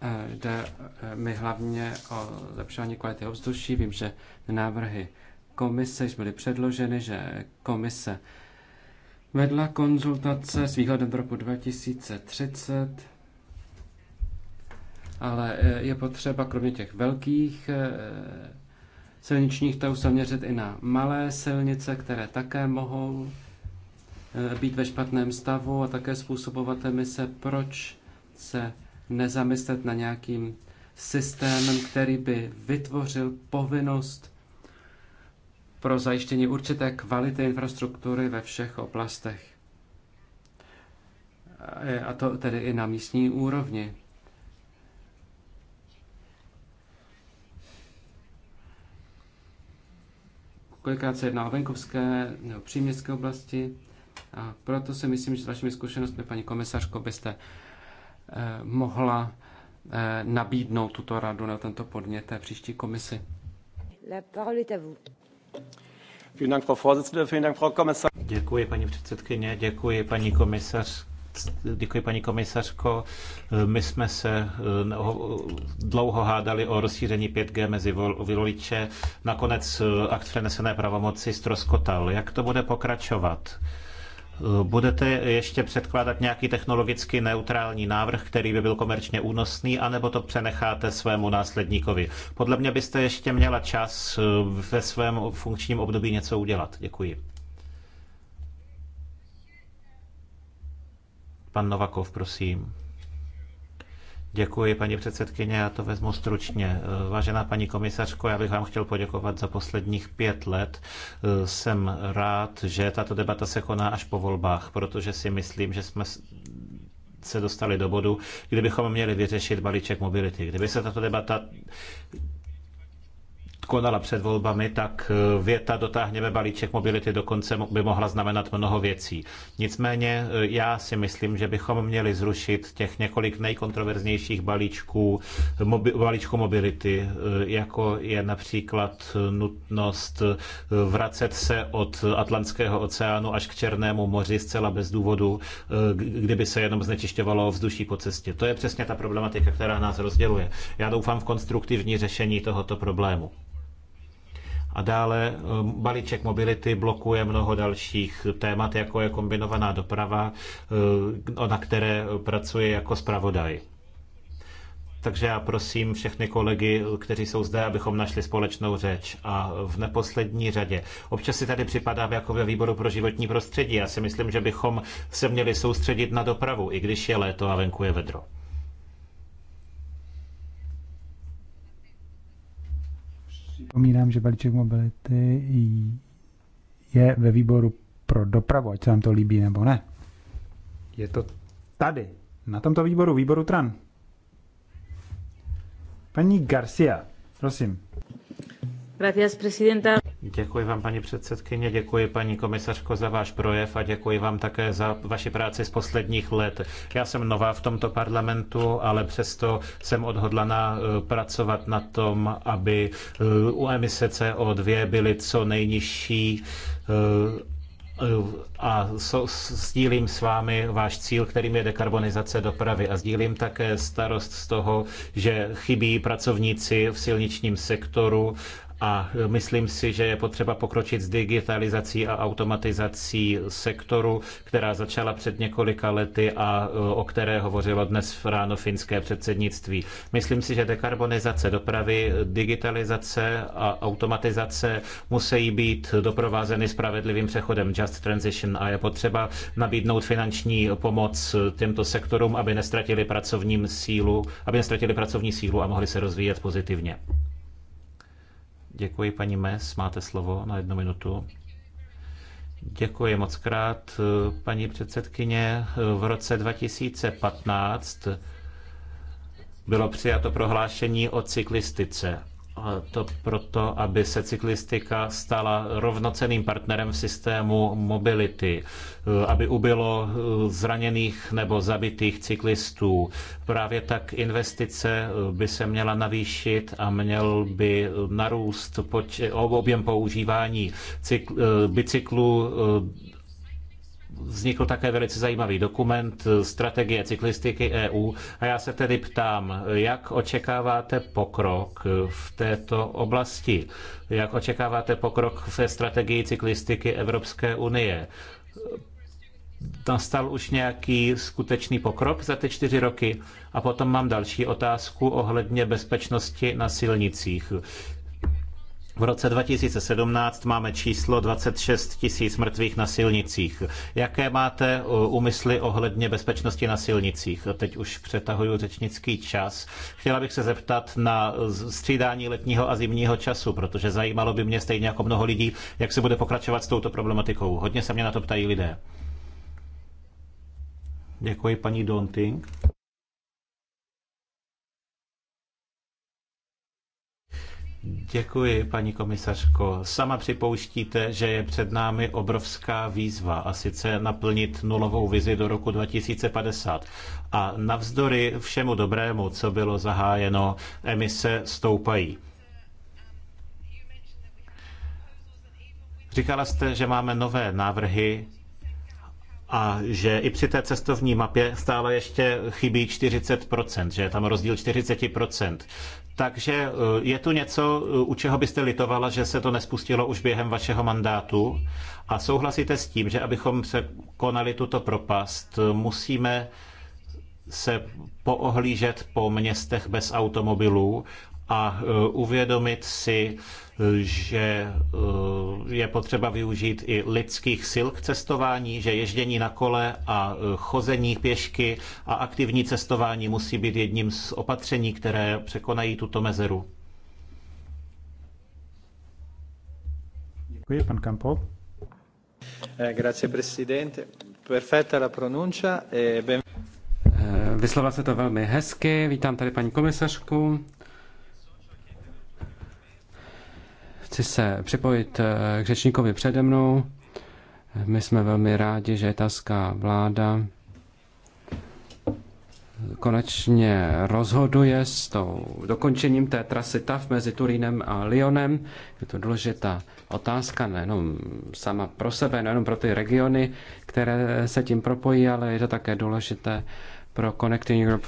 Eh, jde eh, mi hlavně o zlepšování kvality ovzduší. Vím, že návrhy komise byly předloženy, že komise vedla konzultace s výhledem do roku 2030, ale e, je potřeba kromě těch velkých e, silničních tahů zaměřit i na malé silnice, které také mohou e, být ve špatném stavu a také způsobovat emise. Proč se nezamyslet na nějakým systémem, který by vytvořil povinnost pro zajištění určité kvality infrastruktury ve všech oblastech. A to tedy i na místní úrovni. Kolikrát se jedná o venkovské nebo příměstské oblasti a proto si myslím, že s vašimi zkušenostmi, paní komisařko, byste eh, mohla eh, nabídnout tuto radu na tento podnět té příští komisi. La parole est à vous. Děkuji, paní předsedkyně, děkuji, paní komisař. Děkuji, paní komisařko. My jsme se eh, dlouho hádali o rozšíření 5G mezi voliče. Nakonec eh, akt přenesené pravomoci ztroskotal. Jak to bude pokračovat? Budete ještě předkládat nějaký technologicky neutrální návrh, který by byl komerčně únosný, anebo to přenecháte svému následníkovi? Podle mě byste ještě měla čas eh, ve svém funkčním období něco udělat. Děkuji. Pan Novakov, prosím. Děkuji, paní předsedkyně, já to vezmu stručně. Vážená paní komisařko, já bych vám chtěl poděkovat za posledních pět let. Jsem rád, že tato debata se koná až po volbách, protože si myslím, že jsme se dostali do bodu, kdybychom měli vyřešit balíček mobility. Kdyby se tato debata konala před volbami, tak eh, věta dotáhněme balíček mobility dokonce by mohla znamenat mnoho věcí. Nicméně eh, já si myslím, že bychom měli zrušit těch několik nejkontroverznějších balíčků, eh, mobi, balíčku mobility, jako je například nutnost vracet se od Atlantského oceánu až k Černému moři zcela bez důvodu, kdyby se jenom znečišťovalo vzduší po cestě. To je přesně ta problematika, která nás rozděluje. Já doufám v konstruktivní řešení tohoto problému. A dále um, balíček mobility blokuje mnoho dalších témat, jako je kombinovaná doprava, uh, na které pracuje jako zpravodaj. Takže já prosím všechny kolegy, kteří jsou zde, abychom našli společnou řeč. A v neposlední řadě. Občas si tady připadám jako ve výboru pro životní prostředí. Já si myslím, že bychom se měli soustředit na dopravu, i když je léto a venku je vedro. Připomínám, že balíček mobility je ve výboru pro dopravu, ať se vám to líbí nebo ne. Je to tady, na tomto výboru, výboru TRAN. Paní Garcia, prosím. Gracias, presidenta. Děkuji vám, paní předsedkyně, děkuji paní komisařko za váš projev a děkuji vám také za vaši práci z posledních let. Já jsem nová v tomto parlamentu, ale přesto jsem odhodlaná eh, pracovat na tom, aby eh, u emise CO2 byly co nejnižší eh, a sdílím s vámi váš cíl, kterým je dekarbonizace dopravy a sdílím také starost z toho, že chybí pracovníci v silničním sektoru a myslím si, že je potřeba pokročit s digitalizací a automatizací sektoru, která začala před několika lety a o které hovořilo dnes ráno finské předsednictví. Myslím si, že dekarbonizace dopravy, digitalizace a automatizace musí být doprovázeny spravedlivým přechodem Just Transition a je potřeba nabídnout finanční pomoc těmto sektorům, aby nestratili pracovní sílu, aby nestratili pracovní sílu a mohli se rozvíjet pozitivně. Děkuji, paní Mes, máte slovo na jednu minutu. Děkuji moc krát, paní předsedkyně. V roce 2015 bylo přijato prohlášení o cyklistice. A to proto, aby se cyklistika stala rovnoceným partnerem v systému mobility, eh, aby ubylo eh, zraněných nebo zabitých cyklistů. Právě tak investice eh, by se měla navýšit a měl by narůst objem používání cyklů, bicyklů, vznikl také velice zajímavý dokument Strategie cyklistiky EU a já se tedy ptám, jak očekáváte pokrok v této oblasti? Jak očekáváte pokrok ve strategii cyklistiky Evropské unie? Nastal už nějaký skutečný pokrok za ty čtyři roky? A potom mám další otázku ohledně bezpečnosti na silnicích. V roce 2017 máme číslo 26 tisíc mrtvých na silnicích. Jaké máte e, úmysly ohledně bezpečnosti na silnicích? Teď už přetahuju řečnický čas. Chtěla bych se zeptat na střídání letního a zimního času, protože zajímalo by mě stejně jako mnoho lidí, jak se bude pokračovat s touto problematikou. Hodně se mě na to ptají lidé. Děkuji paní Donting. Děkuji, paní komisařko. Sama připouštíte, že je před námi obrovská výzva, a sice naplnit nulovou vizi do roku 2050. A navzdory všemu dobrému, co bylo zahájeno, emise stoupají. Říkala jste, že máme nové návrhy a že i při té cestovní mapě stále ještě chybí 40%, že je tam rozdíl 40%. Takže eh, je tu něco, eh, u čeho byste litovala, že se to nespustilo už během vašeho mandátu? A souhlasíte s tím, že abychom se konali tuto propast, eh, musíme se poohlížet po městech bez automobilů a e, uvědomit si, e, že e, je potřeba využít i lidských sil k cestování, že ježdění na kole a chození pěšky a aktivní cestování musí být jedním z opatření, které překonají tuto mezeru. Děkuji, pan Campo. Eh, grazie, presidente. Perfetta la pronuncia. Eh, eh, Vyslovila se to velmi hezky. Vítám tady paní komisařku. Chci se připojit eh, k řečníkovi přede mnou. My jsme velmi rádi, že italská vláda konečně rozhoduje s tou dokončením té trasy TAF mezi Turínem a Lyonem. Je to důležitá otázka nejenom sama pro sebe, nejenom pro ty regiony, které se tím propojí, ale je to také důležité pro Connecting Europe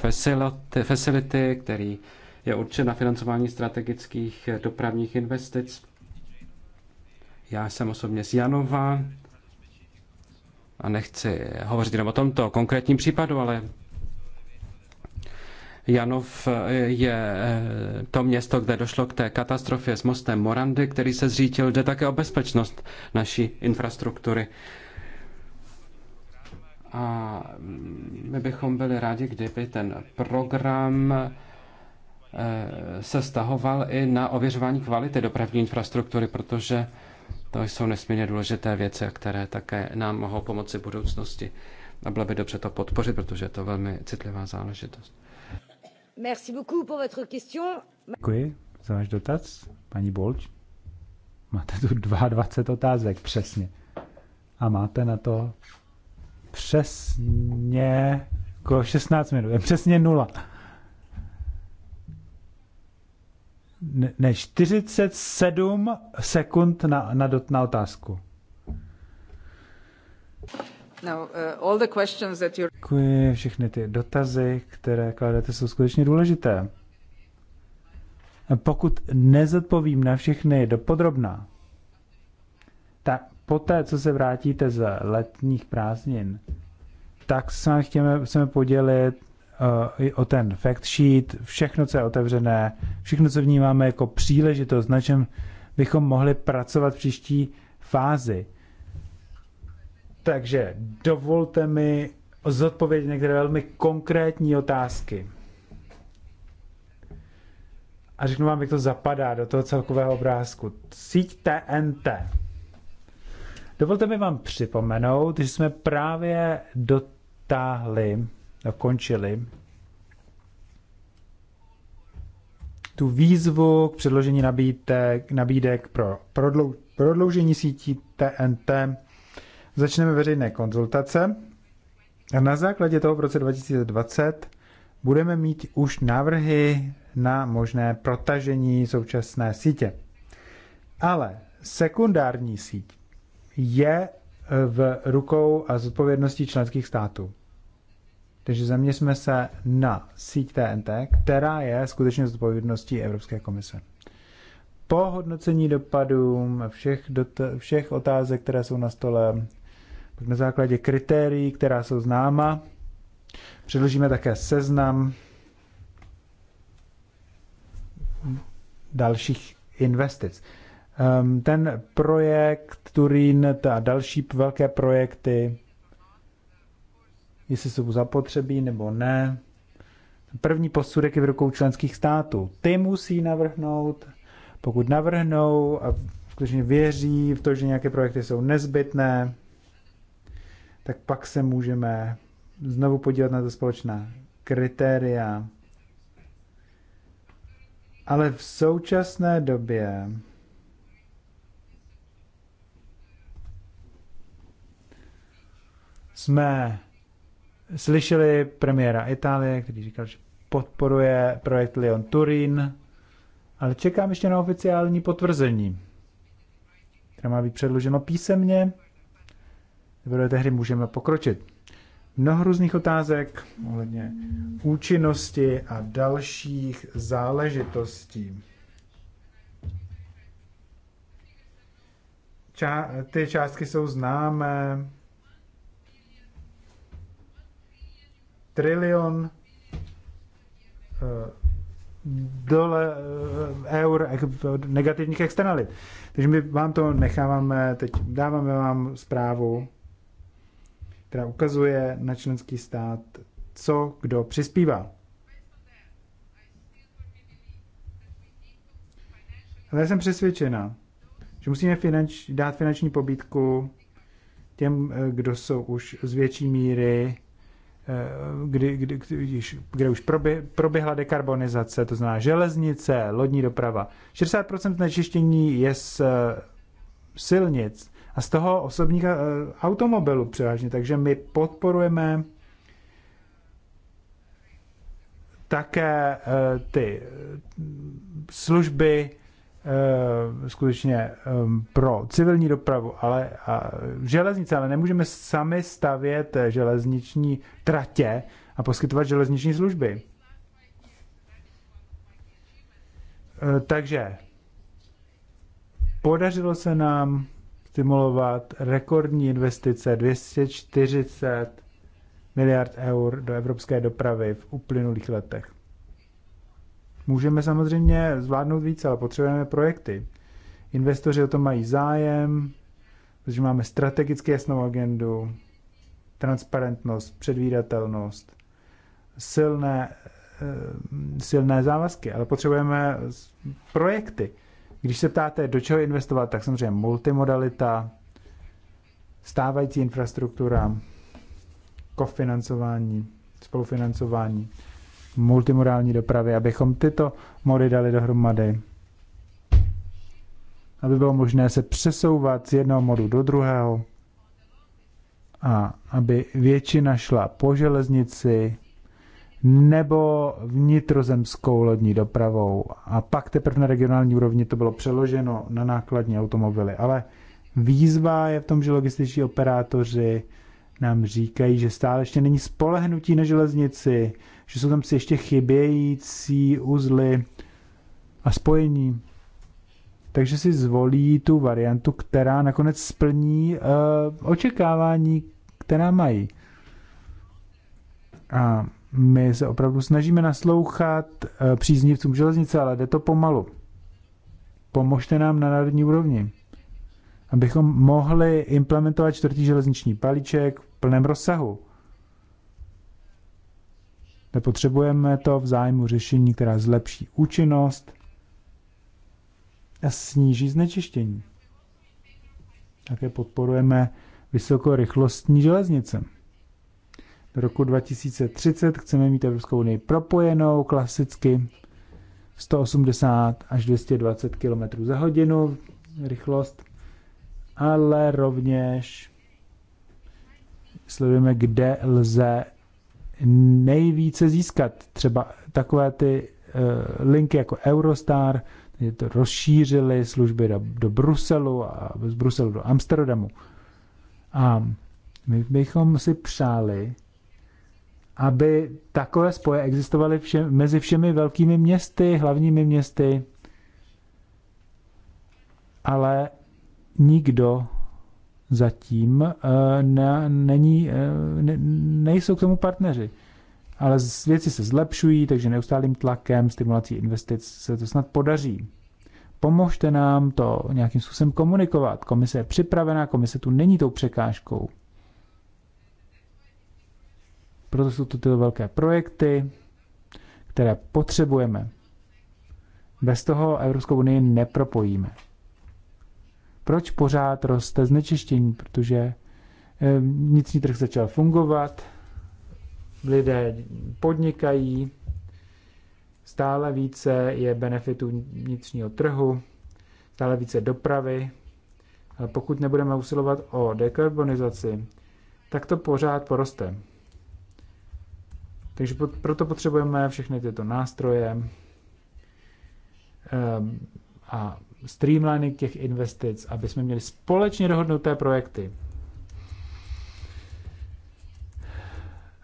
Facility, který je určen na financování strategických dopravních investic já jsem osobně z Janova a nechci hovořit jenom o tomto konkrétním případu, ale Janov je eh, to město, kde došlo k té katastrofě s mostem Morandy, který se zřítil, jde také o bezpečnost naší infrastruktury. A my bychom byli rádi, kdyby ten program eh, se stahoval i na ověřování kvality dopravní infrastruktury, protože to jsou nesmírně důležité věci, které také nám mohou pomoci v budoucnosti. A bylo by dobře to podpořit, protože je to velmi citlivá záležitost. Merci beaucoup pour votre question. Děkuji za váš dotaz, paní Bolč. Máte tu 22 otázek, přesně. A máte na to přesně 16 minut, přesně nula. ne 47 sekund na, na, dot, na otázku. Now, uh, all the questions that you're... Děkuji, všechny ty dotazy, které kladete, jsou skutečně důležité. Pokud nezodpovím na všechny dopodrobná, tak poté, co se vrátíte z letních prázdnin, tak se chceme, chceme podělit Eh, o ten fact sheet, všechno, co je otevřené, všechno, co vnímáme jako příležitost, na čem bychom mohli pracovat v příští fázi. Takže dovolte mi zodpovědět některé velmi konkrétní otázky. A řeknu vám, jak to zapadá do toho celkového obrázku. Síť TNT. Dovolte mi vám připomenout, že jsme právě dotáhli dokončili tu výzvu k předložení nabídek, nabídek pro prodlou, prodloužení sítí TNT. Začneme veřejné konzultace a na základě toho v roce 2020 budeme mít už návrhy na možné protažení současné sítě. Ale sekundární síť je v rukou a zodpovědností členských států. Takže zaměřme se na síť TNT, která je skutečně zodpovědností Evropské komise. Po hodnocení dopadů všech, dot- všech otázek, které jsou na stole, pak na základě kritérií, která jsou známa, předložíme také seznam dalších investic. Ehm, ten projekt Turín a další velké projekty jestli jsou zapotřebí nebo ne. První posudek je v rukou členských států. Ty musí navrhnout, pokud navrhnou a skutečně věří v to, že nějaké projekty jsou nezbytné, tak pak se můžeme znovu podívat na to společná kritéria. Ale v současné době jsme slyšeli premiéra Itálie, který říkal, že podporuje projekt Lyon Turín, ale čekám ještě na oficiální potvrzení, které má být předloženo písemně. té hry můžeme pokročit. Mnoho různých otázek ohledně účinnosti a dalších záležitostí. Ča- ty částky jsou známé, trilion eh, dole eh, eur negativních externalit. Takže my vám to necháváme, teď dáváme vám zprávu, která ukazuje na členský stát, co kdo přispívá. Ale já jsem přesvědčena, že musíme finanč, dát finanční pobídku těm, eh, kdo jsou už z větší míry Eh, kdy, kdy, kdy, kde už proběhla dekarbonizace, to znamená železnice, lodní doprava. 60% znečištění je z eh, silnic a z toho osobních eh, automobilů převážně, takže my podporujeme také ty služby Eh, skutečně ehm, pro civilní dopravu, ale a železnice, ale nemůžeme sami stavět eh, železniční tratě a poskytovat železniční služby. Eh, takže podařilo se nám stimulovat rekordní investice 240 miliard eur do evropské dopravy v uplynulých letech. Můžeme samozřejmě zvládnout více, ale potřebujeme projekty. Investoři o to mají zájem, protože máme strategicky jasnou agendu, transparentnost, předvídatelnost, silné, eh, silné závazky, ale potřebujeme projekty. Když se ptáte, do čeho investovat, tak samozřejmě multimodalita, stávající infrastruktura, kofinancování, spolufinancování multimodální dopravy, abychom tyto mody dali dohromady, aby bylo možné se přesouvat z jednoho modu do druhého a aby většina šla po železnici nebo vnitrozemskou lodní dopravou. A pak teprve na regionální úrovni to bylo přeloženo na nákladní automobily. Ale výzva je v tom, že logističní operátoři nám říkají, že stále ještě není spolehnutí na železnici, že jsou tam ještě chybějící uzly a spojení. Takže si zvolí tu variantu, která nakonec splní uh, očekávání, která mají. A my se opravdu snažíme naslouchat uh, příznivcům železnice, ale jde to pomalu. Pomožte nám na národní úrovni abychom mohli implementovat čtvrtý železniční palíček v plném rozsahu. Nepotřebujeme to v zájmu řešení, která zlepší účinnost a sníží znečištění. Také podporujeme vysokorychlostní železnice. Do roku 2030 chceme mít Evropskou unii propojenou klasicky 180 až 220 km za hodinu rychlost, ale rovněž sledujeme, kde lze nejvíce získat. Třeba takové ty eh, linky jako Eurostar, je to rozšířili služby do, do Bruselu a z Bruselu do Amsterdamu. A my bychom si přáli, aby takové spoje existovaly vše, mezi všemi velkými městy, hlavními městy, ale nikdo zatím eh, ne, není, eh, ne, nejsou k tomu partneři. Ale věci se zlepšují, takže neustálým tlakem, stimulací investic se to snad podaří. Pomožte nám to nějakým způsobem komunikovat. Komise je připravená, komise tu není tou překážkou. Proto jsou to tyto velké projekty, které potřebujeme. Bez toho Evropskou unii nepropojíme proč pořád roste znečištění, protože eh, vnitřní trh začal fungovat, lidé podnikají, stále více je benefitů vnitřního trhu, stále více dopravy. Ale pokud nebudeme usilovat o dekarbonizaci, tak to pořád poroste. Takže proto potřebujeme všechny tyto nástroje, ehm, a streamlining těch investic, aby jsme měli společně dohodnuté projekty.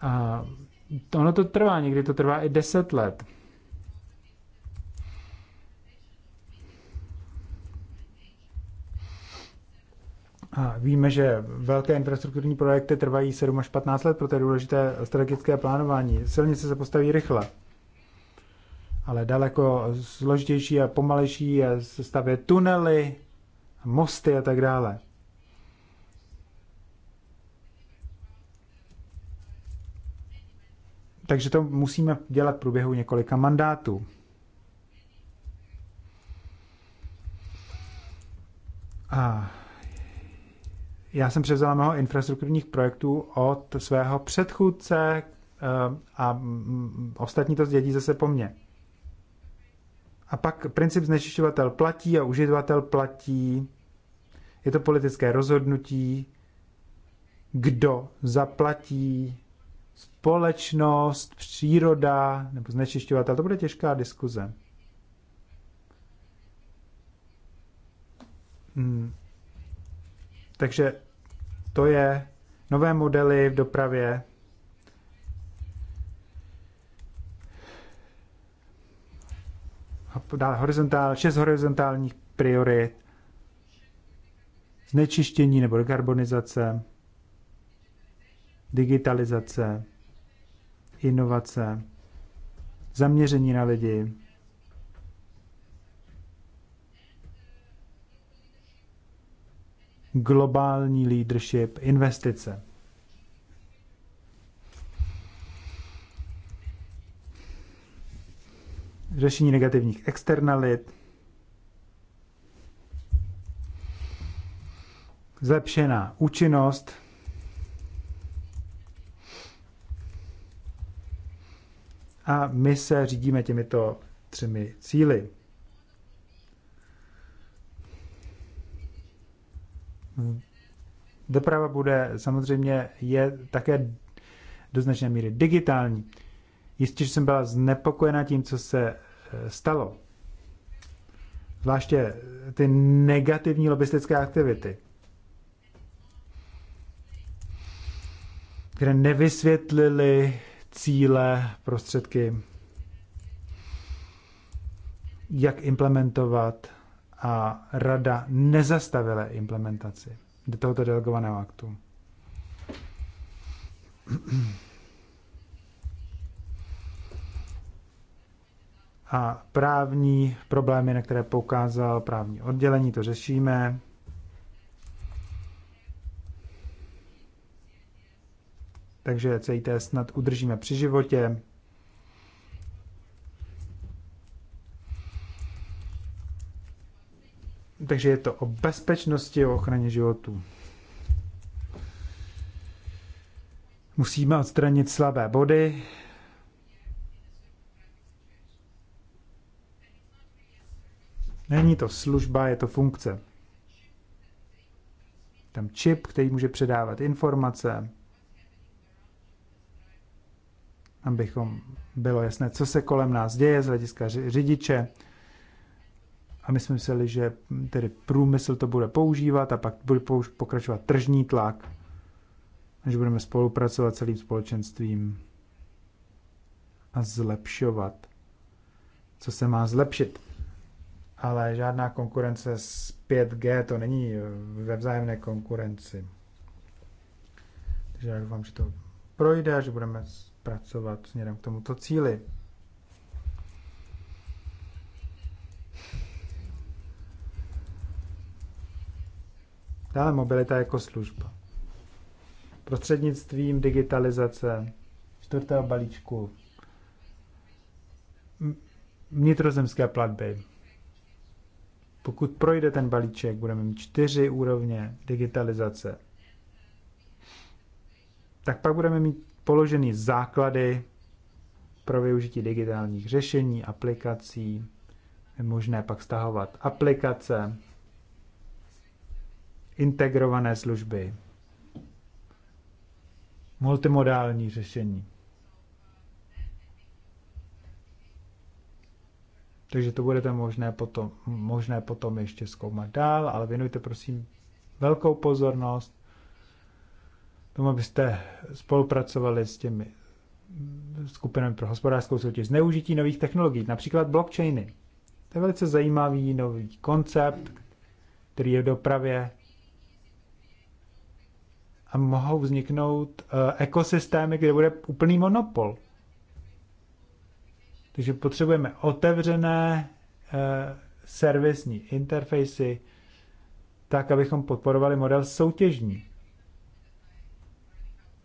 A ono to trvá, někdy to trvá i 10 let. A víme, že velké infrastrukturní projekty trvají 7 až 15 let, proto je důležité strategické plánování. Silnice se postaví rychle ale daleko složitější a pomalejší je stavět tunely, mosty a tak dále. Takže to musíme dělat v průběhu několika mandátů. A já jsem převzala mnoho infrastrukturních projektů od svého předchůdce eh, a mm, mm, ostatní to zdědí zase po mně. A pak princip znečišťovatel platí a uživatel platí. Je to politické rozhodnutí, kdo zaplatí, společnost, příroda nebo znečišťovatel. To bude těžká diskuze. Hmm. Takže to je nové modely v dopravě, horizontál, šest horizontálních priorit, znečištění nebo dekarbonizace, digitalizace, inovace, zaměření na lidi, globální leadership, investice. řešení negativních externalit, zlepšená účinnost, a my se řídíme těmito třemi cíly. Doprava bude samozřejmě je také do značné míry digitální. Jistě, že jsem byla znepokojena tím, co se e, stalo. Zvláště e, ty negativní lobistické aktivity, které nevysvětlily cíle, prostředky, jak implementovat a rada nezastavila implementaci do tohoto delegovaného aktu. a právní problémy, na které poukázal právní oddělení, to řešíme. Takže CIT snad udržíme při životě. Takže je to o bezpečnosti, o ochraně životů. Musíme odstranit slabé body, Není to služba, je to funkce. Tam čip, který může předávat informace, abychom bylo jasné, co se kolem nás děje z hlediska řidiče. A my jsme mysleli, že tedy průmysl to bude používat a pak bude pokračovat tržní tlak, že budeme spolupracovat celým společenstvím a zlepšovat, co se má zlepšit ale žádná konkurence s 5G, to není ve vzájemné konkurenci. Takže já doufám, že to projde a že budeme pracovat směrem k tomuto cíli. Dále mobilita jako služba. Prostřednictvím digitalizace čtvrtého balíčku vnitrozemské platby pokud projde ten balíček, budeme mít čtyři úrovně digitalizace. Tak pak budeme mít položeny základy pro využití digitálních řešení, aplikací. Je možné pak stahovat aplikace, integrované služby, multimodální řešení. Takže to budete možné potom, možné potom ještě zkoumat dál, ale věnujte prosím velkou pozornost tomu, abyste spolupracovali s těmi skupinami pro hospodářskou soutěž, zneužití nových technologií, například blockchainy. To je velice zajímavý nový koncept, který je v dopravě a mohou vzniknout eh, ekosystémy, kde bude úplný monopol. Takže potřebujeme otevřené eh, servisní interfejsy, tak, abychom podporovali model soutěžní.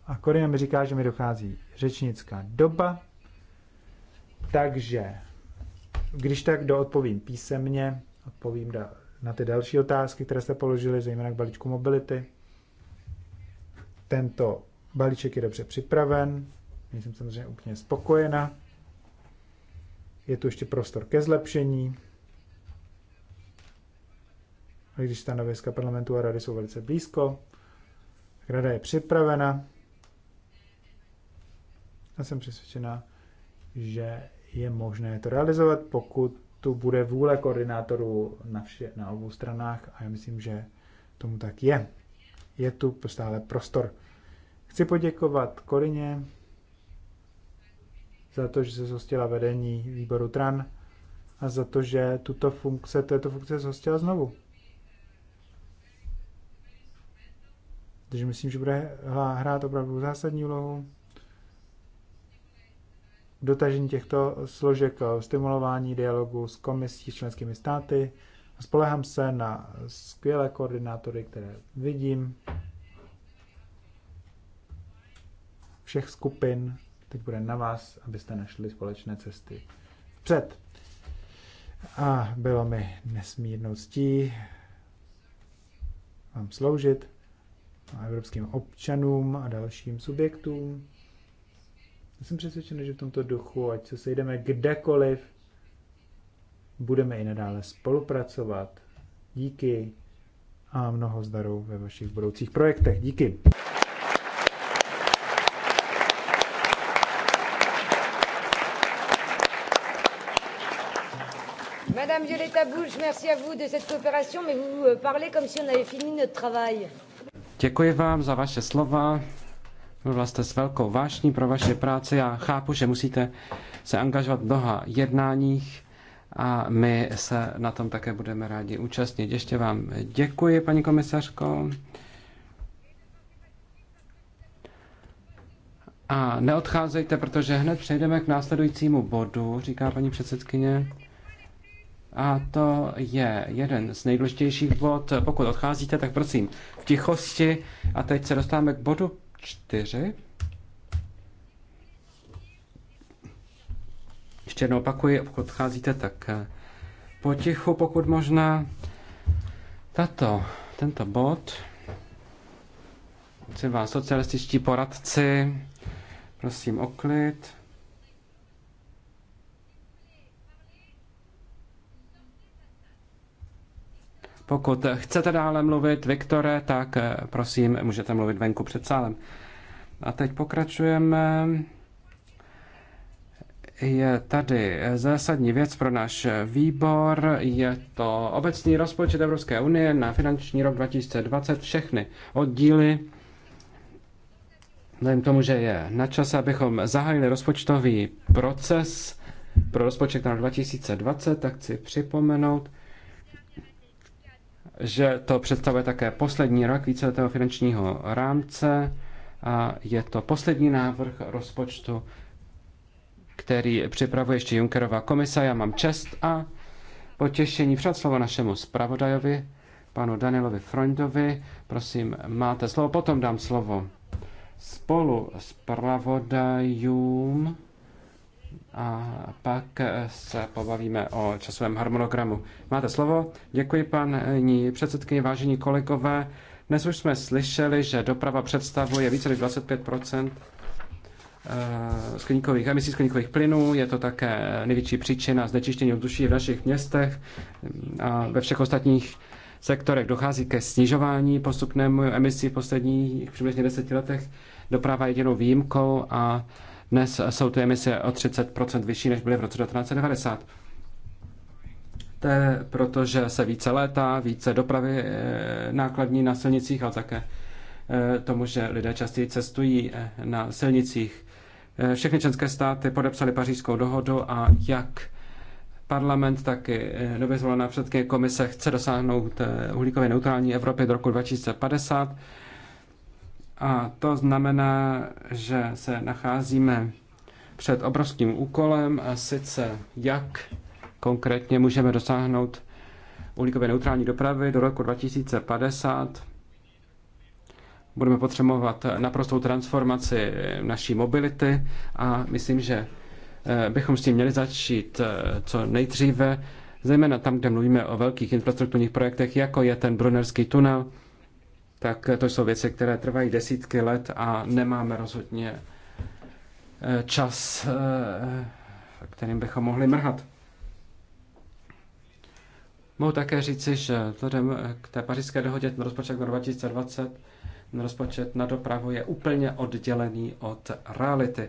A Korina mi říká, že mi dochází řečnická doba, takže když tak doodpovím písemně, odpovím na ty další otázky, které jste položili, zejména k balíčku mobility. Tento balíček je dobře připraven, nejsem samozřejmě úplně spokojena, je tu ještě prostor ke zlepšení. A když stanoviska parlamentu a rady jsou velice blízko, tak rada je připravena. A jsem přesvědčena, že je možné to realizovat, pokud tu bude vůle koordinátorů na, vše, na obou stranách a já myslím, že tomu tak je. Je tu stále prostor. Chci poděkovat Korině za to, že se zhostila vedení výboru TRAN a za to, že tuto funkce, této funkce zhostila znovu. Takže myslím, že bude hrát opravdu zásadní úlohu dotažení těchto složek, eh, stimulování dialogu s komisí, členskými státy. Spolehám se na skvělé koordinátory, které vidím, všech skupin Teď bude na vás, abyste našli společné cesty před. A bylo mi nesmírnou ctí vám sloužit a evropským občanům a dalším subjektům. Já jsem přesvědčen, že v tomto duchu, ať se sejdeme kdekoliv, budeme i nadále spolupracovat. Díky a mnoho zdarů ve vašich budoucích projektech. Díky. Madame Violetta Bulge, merci à vous de cette coopération, mais vous euh, parlez comme si on avait fini notre travail. Děkuji vám za vaše slova. Mluvila jste s velkou vášní pro vaše práci. Já chápu, že musíte se angažovat v mnoha jednáních a my se na tom také budeme rádi účastnit. Ještě vám děkuji, paní komisařko. A neodcházejte, protože hned přejdeme k následujícímu bodu, říká paní předsedkyně. A to je jeden z nejdůležitějších bod. Pokud odcházíte, tak prosím v tichosti. A teď se dostáváme k bodu čtyři. Ještě jednou opakuji, pokud odcházíte, tak eh, potichu, pokud možná. Tato, tento bod si vás socialističtí poradci, prosím o klid. Pokud chcete dále mluvit, Viktore, tak eh, prosím, můžete mluvit venku před sálem. A teď pokračujeme. Je tady zásadní věc pro náš výbor. Je to obecný rozpočet Evropské unie na finanční rok 2020. Všechny oddíly. Vzhledem tomu, že je na čase, abychom zahájili rozpočtový proces pro rozpočet na 2020, tak chci připomenout, že to představuje také poslední rok víceletého finančního rámce a je to poslední návrh rozpočtu, který připravuje ještě Junckerova komisa. Já mám čest a potěšení před slovo našemu zpravodajovi, panu Danielovi Freundovi. Prosím, máte slovo, potom dám slovo spolu s pravodajům a pak se pobavíme o časovém harmonogramu. Máte slovo. Děkuji, paní předsedkyně, vážení kolegové. Dnes už jsme slyšeli, že doprava představuje více než 25 eh, skleníkových emisí skleníkových plynů. Je to také největší příčina znečištění ovzduší v našich městech a ve všech ostatních sektorech dochází ke snižování postupnému emisí v posledních přibližně deseti letech. Doprava je jedinou výjimkou a dnes jsou ty emise o 30% vyšší, než byly v roce 1990. To je proto, že se více létá, více dopravy eh, nákladní na silnicích, ale také eh, tomu, že lidé častěji cestují eh, na silnicích. Všechny členské státy podepsaly pařížskou dohodu a jak parlament, tak i nově zvolená předsedkyně komise chce dosáhnout uhlíkově neutrální Evropy do roku 2050. A to znamená, že se nacházíme před obrovským úkolem, a sice jak konkrétně můžeme dosáhnout uhlíkové neutrální dopravy do roku 2050. Budeme potřebovat naprostou transformaci naší mobility a myslím, že eh, bychom s tím měli začít eh, co nejdříve, zejména tam, kde mluvíme o velkých infrastrukturních projektech, jako je ten Brunerský tunel, tak to jsou věci, které trvají desítky let a nemáme rozhodně eh, čas, eh, kterým bychom mohli mrhat. Mohu také říci, že vzhledem eh, k té pařížské dohodě ten rozpočet na 2020, ten rozpočet na dopravu je úplně oddělený od reality.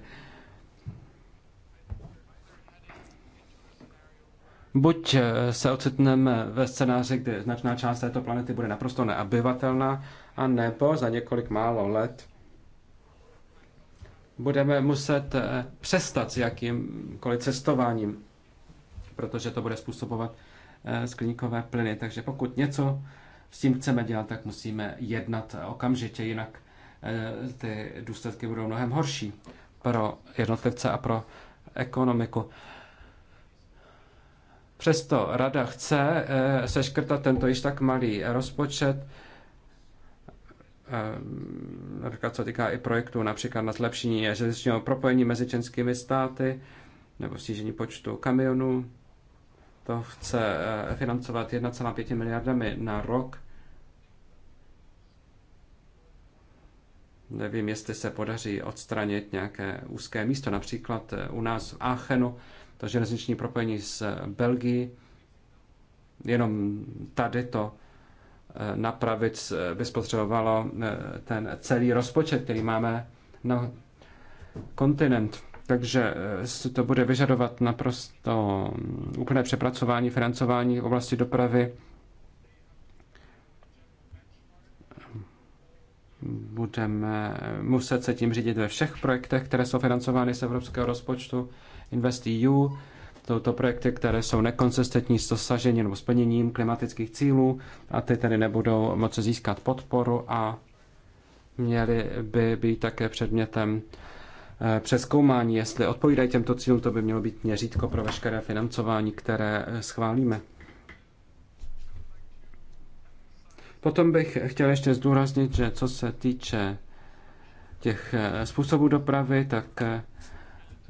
Buď eh, se ocitneme ve scénáři, kdy značná část této planety bude naprosto neobyvatelná, a nebo za několik málo let budeme muset eh, přestat s jakýmkoliv cestováním, protože to bude způsobovat eh, skleníkové plyny. Takže pokud něco s tím chceme dělat, tak musíme jednat okamžitě, jinak ty důsledky budou mnohem horší pro jednotlivce a pro ekonomiku. Přesto rada chce eh, seškrtat tento již tak malý rozpočet, například eh, co týká i projektů, například na zlepšení železničního propojení mezi českými státy nebo snížení počtu kamionů. To chce eh, financovat 1,5 miliardami na rok. Nevím, jestli se podaří odstranit nějaké úzké místo, například u nás v Aachenu to železniční propojení s eh, Belgií. Jenom tady to eh, napravit eh, by spotřebovalo ten celý rozpočet, který máme na kontinent. Takže to bude vyžadovat naprosto mm, úplné přepracování financování v oblasti dopravy. Budeme muset se tím řídit ve všech projektech, které jsou financovány z evropského rozpočtu. InvestEU. Jsou to projekty, které jsou nekonsistentní s dosažením nebo splněním klimatických cílů a ty tedy nebudou moci získat podporu a měly by být také předmětem eh, přeskoumání. Jestli odpovídají těmto cílům, to by mělo být měřítko pro veškeré financování, které eh, schválíme. Potom bych chtěl ještě zdůraznit, že co se týče těch eh, způsobů dopravy, tak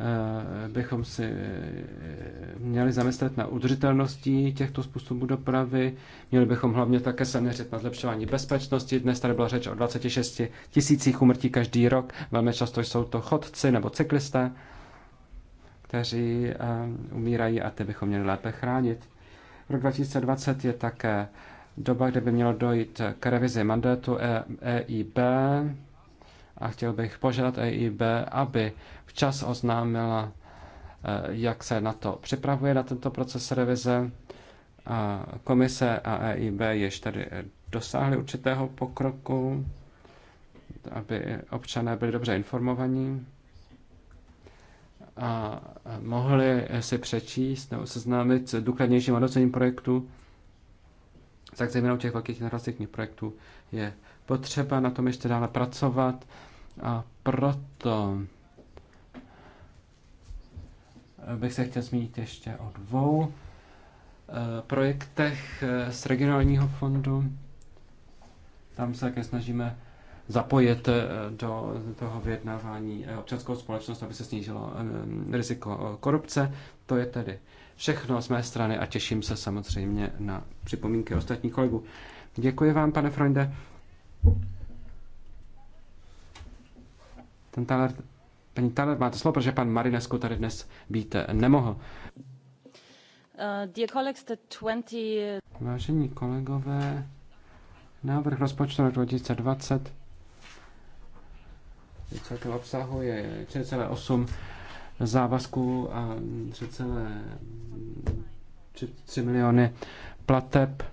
Eh, bychom si eh, měli zamyslet na udržitelností těchto způsobů dopravy. Měli bychom hlavně také se měřit na zlepšování bezpečnosti. Dnes tady byla řeč o 26 tisících umrtí každý rok. Velmi často jsou to chodci nebo cyklisté, kteří eh, umírají a ty bychom měli lépe chránit. Rok 2020 je také doba, kde by mělo dojít k revizi mandátu EIB. E, e a chtěl bych požádat EIB, aby včas oznámila, eh, jak se na to připravuje, na tento proces revize. A komise a EIB již tady eh, dosáhly určitého pokroku, aby občané byli dobře informovaní a eh, mohli si přečíst nebo seznámit s důkladnějším hodnocením projektu, tak zejména u těch velkých infrastrukturních projektů je potřeba na tom ještě dále pracovat a proto bych se chtěl zmínit ještě o dvou eh, projektech eh, z regionálního fondu. Tam se také snažíme zapojit eh, do toho vyjednávání občanskou společnost, aby se snížilo mm, riziko korupce. To je tedy všechno z mé strany a těším se samozřejmě na připomínky ostatních kolegů. Děkuji vám, pane Freunde. Ten Taler, paní Taler, máte slovo, protože pan Marinesku tady dnes být nemohl. Uh, dear colleagues, the 20... Vážení kolegové, návrh rozpočtu na 2020 celkem obsahuje 3,8 závazků a 3,3 miliony plateb.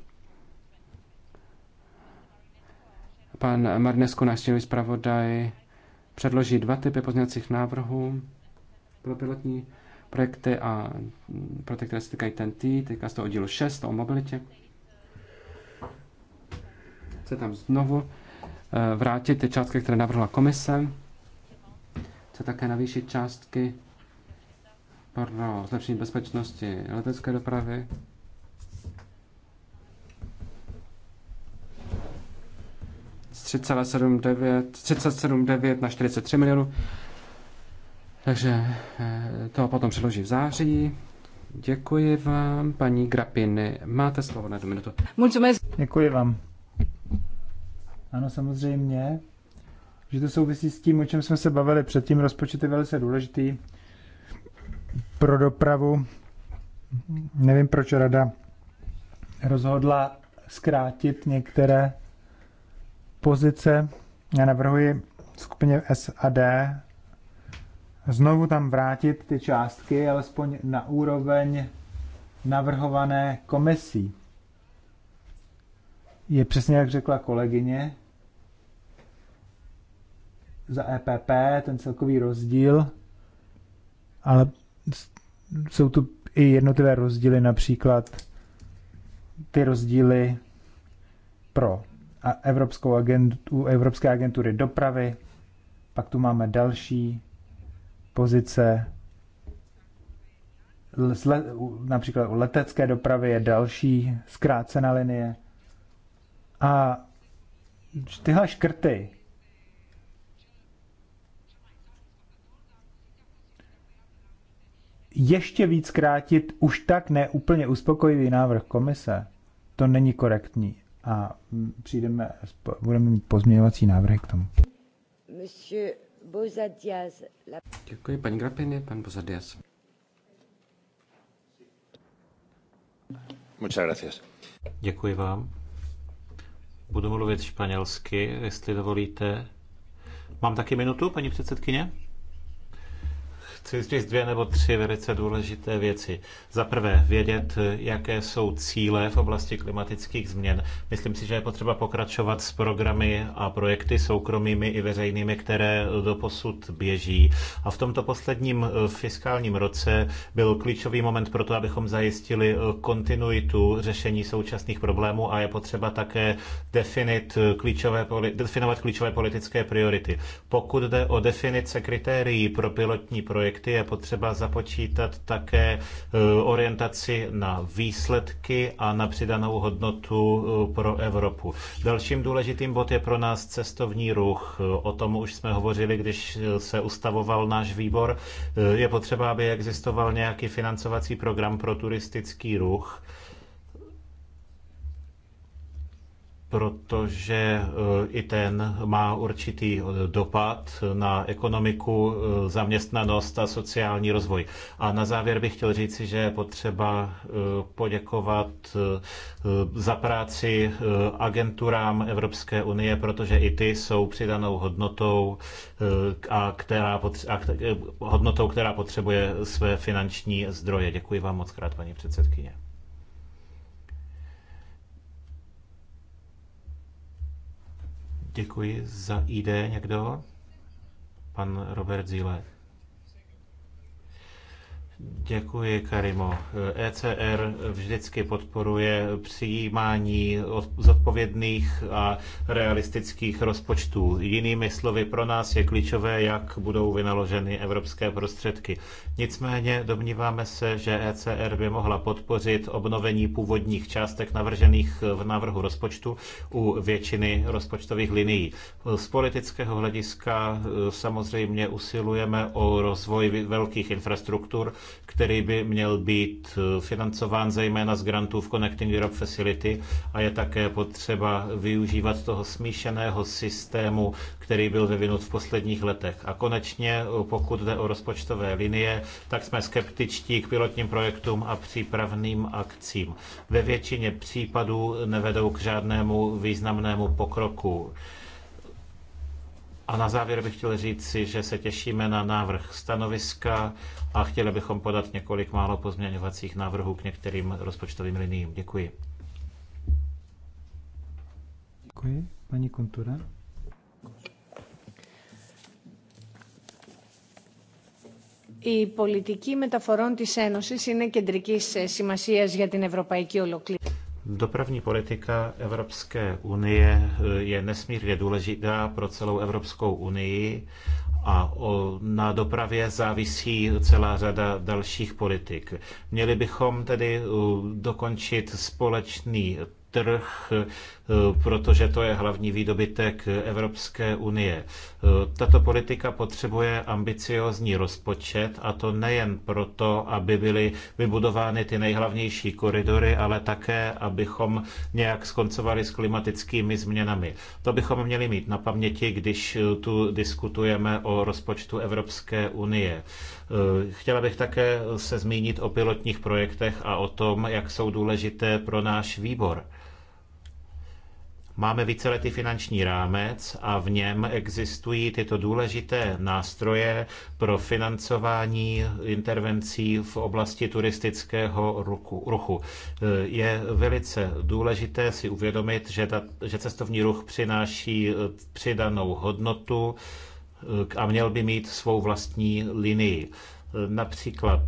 Pan Marnesku, náštěvý zpravodaj, předloží dva typy pozměňovacích návrhů pro pilotní projekty a pro ty, které se týkají TNT, týká se toho oddílu 6, to o mobilitě. Chce tam znovu eh, vrátit ty částky, které navrhla komise. Chce také navýšit částky pro zlepšení bezpečnosti letecké dopravy 3,79 na 43 milionů. Takže eh, to potom přeloží v září. Děkuji vám, paní Grapiny. Máte slovo na jednu minutu. Děkuji vám. Ano, samozřejmě, že to souvisí s tím, o čem jsme se bavili předtím. Rozpočet je velice důležitý pro dopravu. Nevím, proč rada rozhodla zkrátit některé pozice. Já navrhuji skupině SAD znovu tam vrátit ty částky, alespoň na úroveň navrhované komisí. Je přesně jak řekla kolegyně za EPP, ten celkový rozdíl, ale jsou tu i jednotlivé rozdíly, například ty rozdíly pro a Evropskou agentu, Evropské agentury dopravy. Pak tu máme další pozice. například u letecké dopravy je další zkrácená linie. A tyhle škrty ještě víc krátit už tak neúplně uspokojivý návrh komise, to není korektní a přijdeme, budeme mít pozměňovací návrhy k tomu. Děkuji, paní Grapiny, pan Bozadias. Muchas gracias. Děkuji vám. Budu mluvit španělsky, jestli dovolíte. Mám taky minutu, paní předsedkyně? Chci říct dvě nebo tři velice důležité věci. Za prvé, vědět, jaké jsou cíle v oblasti klimatických změn. Myslím si, že je potřeba pokračovat s programy a projekty soukromými i veřejnými, které doposud běží. A v tomto posledním eh, fiskálním roce byl klíčový moment pro to, abychom zajistili eh, kontinuitu řešení současných problémů a je potřeba také definit eh, klíčové, definovat klíčové politické priority. Pokud jde o definice kritérií pro pilotní projekty, projekty je potřeba započítat také e, orientaci na výsledky a na přidanou hodnotu e, pro Evropu. Dalším důležitým bod je pro nás cestovní ruch. O tom už jsme hovořili, když e, se ustavoval náš výbor. Je potřeba, aby existoval nějaký financovací program pro turistický ruch protože eh, i ten má určitý eh, dopad na ekonomiku, eh, zaměstnanost a sociální rozvoj. A na závěr bych chtěl říci, že je potřeba poděkovat za práci agenturám Evropské unie, protože i ty jsou přidanou hodnotou, a která potře- a hodnotou, která potřebuje své finanční zdroje. Děkuji vám moc krát, paní předsedkyně. Děkuji za ID někdo? Pan Robert Zíle. Děkuji, Karimo. ECR vždycky podporuje přijímání zodpovědných a realistických rozpočtů. Jinými slovy, pro nás je klíčové, jak budou vynaloženy evropské prostředky. Nicméně domníváme se, že ECR by mohla podpořit obnovení původních částek navržených v návrhu rozpočtu u většiny rozpočtových linií. Z politického hlediska e, samozřejmě usilujeme o rozvoj velkých infrastruktur, který by měl být eh, financován zejména z grantů v Connecting Europe Facility a je také potřeba využívat toho smíšeného systému, který byl vyvinut v posledních letech. A konečně, eh, pokud jde o rozpočtové linie, tak jsme skeptičtí k pilotním projektům a přípravným akcím. Ve většině případů nevedou k žádnému významnému pokroku. A na závěr bych chtěl říci, že se těšíme na návrh stanoviska a chtěli bychom podat několik málo pozměňovacích návrhů k některým rozpočtovým liniím. Děkuji. Děkuji. Paní Kontura. Η πολιτική μεταφορών της Ένωσης είναι κεντρικής σημασίας για την ευρωπαϊκή ολοκλήρωση. Dopravní politika Evropské unie eh, je nesmírně důležitá pro celou Evropskou unii a na dopravě závisí celá řada dalších politik. Měli bychom tedy eh, dokončit společný trh, eh, protože to je hlavní výdobytek Evropské unie. Eh, tato politika potřebuje ambiciozní rozpočet a to nejen proto, aby byly vybudovány ty nejhlavnější koridory, ale také, abychom nějak skoncovali s klimatickými změnami. To bychom měli mít na paměti, když eh, tu diskutujeme o rozpočtu Evropské unie. Chtěla bych také se zmínit o pilotních projektech a o tom, jak jsou důležité pro náš výbor. Máme víceletý finanční rámec a v něm existují tyto důležité nástroje pro financování intervencí v oblasti turistického ruchu. E, je velice důležité si uvědomit, že, ta, že cestovní ruch přináší e, přidanou hodnotu e, a měl by mít svou vlastní linii například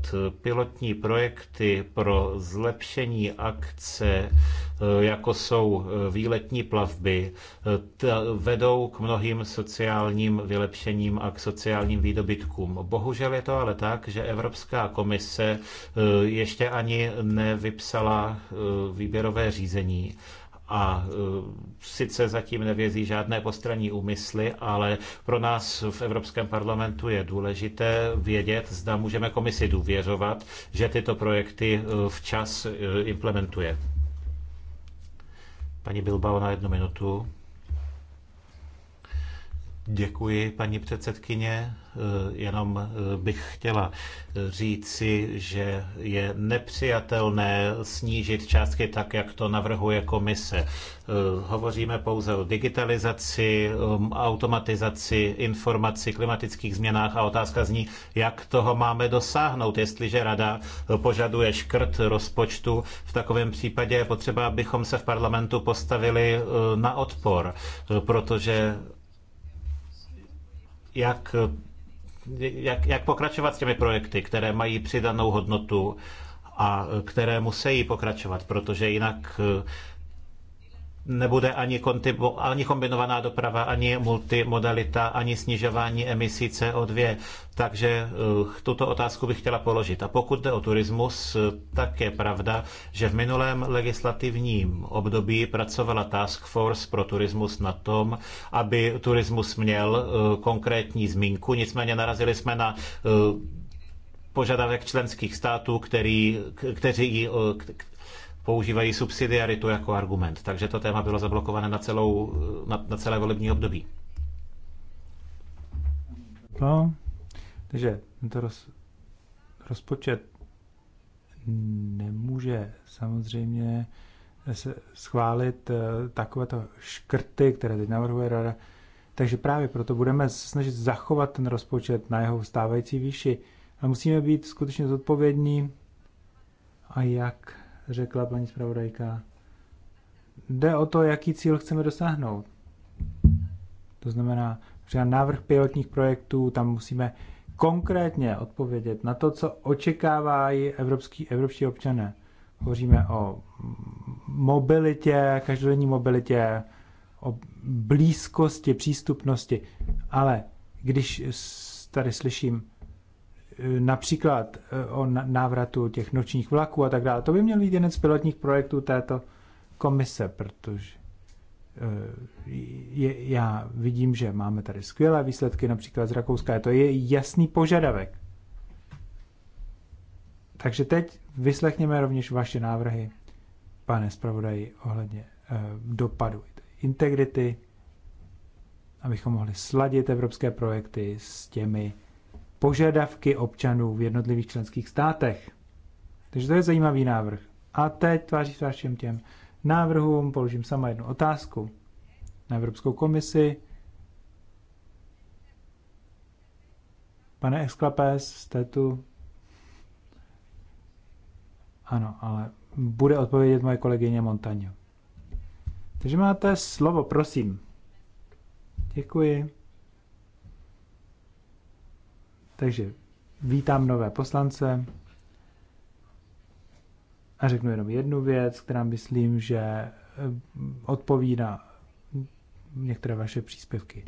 pilotní projekty pro zlepšení akce Eh, jako jsou eh, výletní plavby, eh, vedou k mnohým sociálním vylepšením a k sociálním výdobytkům. Bohužel je to ale tak, že Evropská komise ještě ani nevypsala výběrové řízení a sice zatím nevězí žádné postranní úmysly, ale pro nás v Evropském parlamentu je důležité vědět, zda můžeme komisi důvěřovat, že tyto projekty včas implementuje. Paní Bilbao na jednu minutu. Děkuji, paní předsedkyně. Eh, jenom eh, bych chtěla eh, říci, že je nepřijatelné snížit částky tak, jak to navrhuje komise. Hovoříme pouze o digitalizaci, um, automatizaci, informaci, klimatických změnách a otázka zní, jak toho máme dosáhnout. Jestliže rada požaduje škrt rozpočtu, v takovém případě je potřeba, abychom se v parlamentu postavili na odpor, protože jak, jak, jak pokračovat s těmi projekty, které mají přidanou hodnotu a které musí pokračovat, protože jinak nebude ani, kontibu, ani kombinovaná doprava, ani multimodalita, ani snižování emisí CO2. Takže eh, tuto otázku bych chtěla položit. A pokud jde o turismus, eh, tak je pravda, že v minulém legislativním období pracovala Task Force pro turismus na tom, aby turismus měl eh, konkrétní zmínku. Nicméně narazili jsme na požadavek členských států, který, kteří, používají subsidiaritu jako argument. Takže to téma bylo zablokované na, celou, na, na celé volební období. No, takže to roz, rozpočet nemůže samozřejmě se schválit eh, takovéto škrty, které teď navrhuje rada. Takže právě proto budeme snažit zachovat ten rozpočet na jeho stávající výši. A musíme být skutečně zodpovědní a jak řekla paní zpravodajka. Jde o to, jaký cíl chceme dosáhnout. To znamená, že návrh pilotních projektů, tam musíme konkrétně odpovědět na to, co očekávají evropský, evropští občané. Hovoříme o mobilitě, každodenní mobilitě, o blízkosti, přístupnosti, ale když tady slyším Eh, například eh, o návratu těch nočních vlaků a tak dále. To by měl být jeden z pilotních projektů této komise, protože eh, je, já vidím, že máme tady skvělé výsledky, například z Rakouska. To je jasný požadavek. Takže teď vyslechněme rovněž vaše návrhy, pane zpravodaji, ohledně dopadu integrity, abychom mohli sladit evropské projekty s těmi požadavky občanů v jednotlivých členských státech. Takže to je zajímavý návrh. A teď tváří se všem těm návrhům položím sama jednu otázku na Evropskou komisi. Pane Exklapes, jste tu? Ano, ale bude odpovědět moje kolegyně Montaño. Takže máte slovo, prosím. Děkuji. Takže vítám nové poslance a řeknu jenom jednu věc, která myslím, že eh, odpoví na některé vaše příspěvky.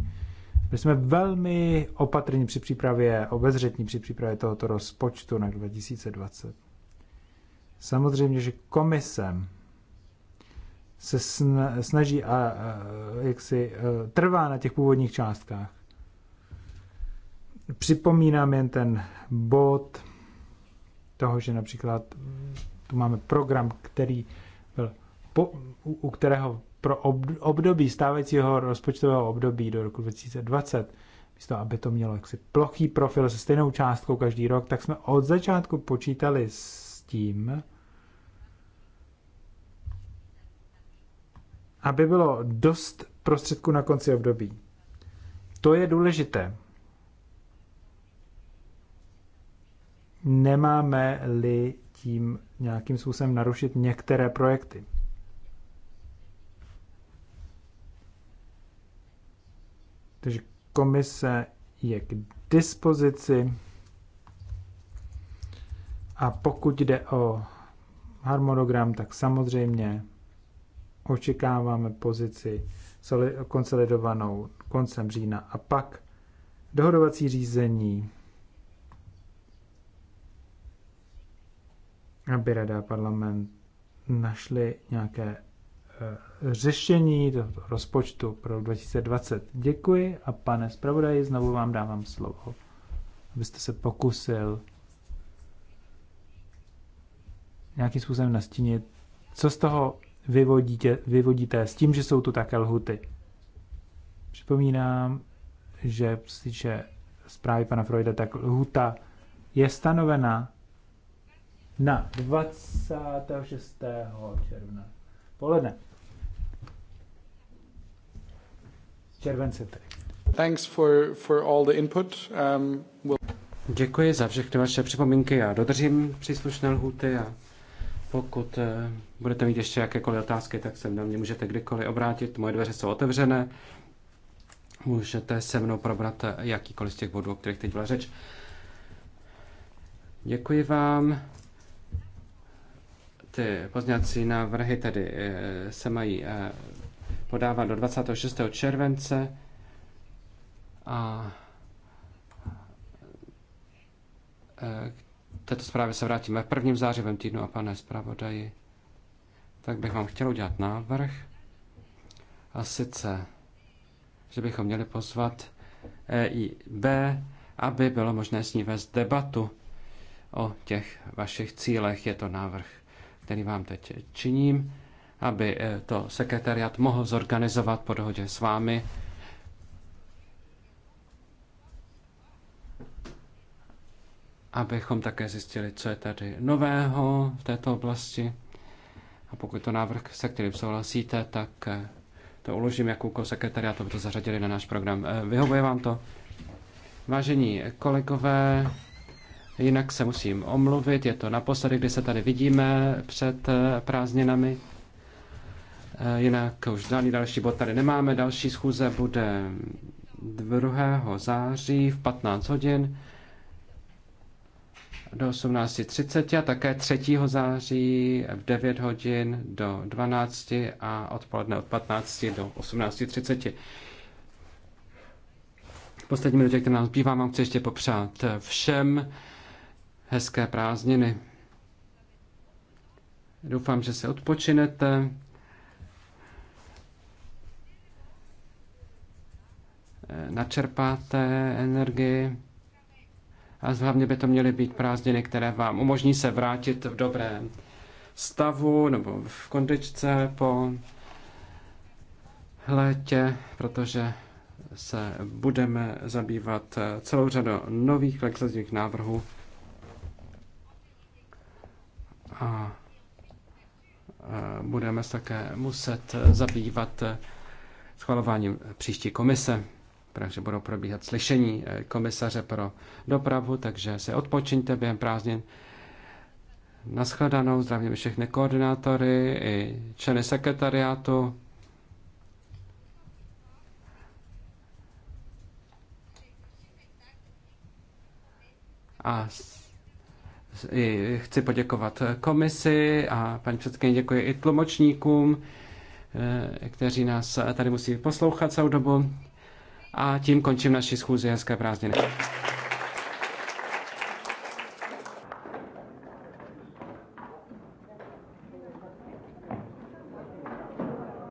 My jsme velmi opatrní při přípravě, obezřetní při přípravě tohoto rozpočtu na 2020. Samozřejmě, že komisem se snaží a, a jak si a, eh, trvá na těch původních částkách. Připomínám jen ten bod toho, že například tu máme program, který byl po, u, u kterého pro období stávajícího rozpočtového období do roku 2020, místo aby to mělo jaksi plochý profil se stejnou částkou každý rok, tak jsme od začátku počítali s tím, aby bylo dost prostředků na konci období. To je důležité. nemáme-li tím nějakým způsobem narušit některé projekty. Takže komise je k dispozici a pokud jde o harmonogram, tak samozřejmě očekáváme pozici konsolidovanou koncem října a pak dohodovací řízení aby Rada a parlament našli nějaké eh, řešení do rozpočtu pro 2020. Děkuji a pane zpravodaji, znovu vám dávám slovo, abyste se pokusil nějakým způsobem nastínit, co z toho vyvodíte, vyvodíte s tím, že jsou tu také lhuty. Připomínám, že se týče zprávy pana Freuda, tak lhuta je stanovena na 26. června. Poledne. Července tedy. Thanks for, for all the input. Um, we'll... Děkuji za všechny vaše připomínky. Já dodržím příslušné lhuty a pokud eh, budete mít ještě jakékoliv otázky, tak se na mě můžete kdykoliv obrátit. Moje dveře jsou otevřené. Můžete se mnou probrat eh, jakýkoliv z těch bodů, o kterých teď byla řeč. Děkuji vám. Ty pozněcí návrhy tedy eh, se mají eh, podávat do 26. července a eh, k této zprávě se vrátíme v prvním zářivém týdnu a pane zpravodaji, tak bych vám chtěl udělat návrh a sice, že bychom měli pozvat EIB, e aby bylo možné s ní vést debatu o těch vašich cílech. Je to návrh který vám teď činím, aby eh, to sekretariat mohl zorganizovat po dohodě s vámi abychom také zjistili, co je tady nového v této oblasti. A pokud to návrh, se kterým souhlasíte, tak eh, to uložím jako úkol sekretariátu, aby to zařadili na náš program. Eh, vyhovuje vám to? Vážení kolegové, Jinak se musím omluvit, je to naposledy, kdy se tady vidíme před eh, prázdninami. Eh, jinak už žádný další bod tady nemáme. Další schůze bude 2. září v 15 hodin do 18.30 a také 3. září v 9 hodin do 12 a odpoledne od 15 do 18.30. poslední minutě, které nám zbývá, vám chci ještě popřát eh, všem hezké prázdniny. Doufám, že se odpočinete. načerpáte energii a hlavně by to měly být prázdniny, které vám umožní se vrátit v dobrém stavu nebo v kondičce po létě, protože se budeme zabývat celou řadou nových legislativních návrhů a e, budeme se také muset zabývat e, schvalováním příští komise, takže budou probíhat slyšení e, komisaře pro dopravu, takže se odpočiňte během prázdnin. Naschledanou, zdravím všechny koordinátory i členy sekretariátu. A chci poděkovat komisi a paní předsedkyně děkuji i tlumočníkům, eh, kteří nás tady musí poslouchat celou dobu. A tím končím naši schůzi. Hezké prázdniny.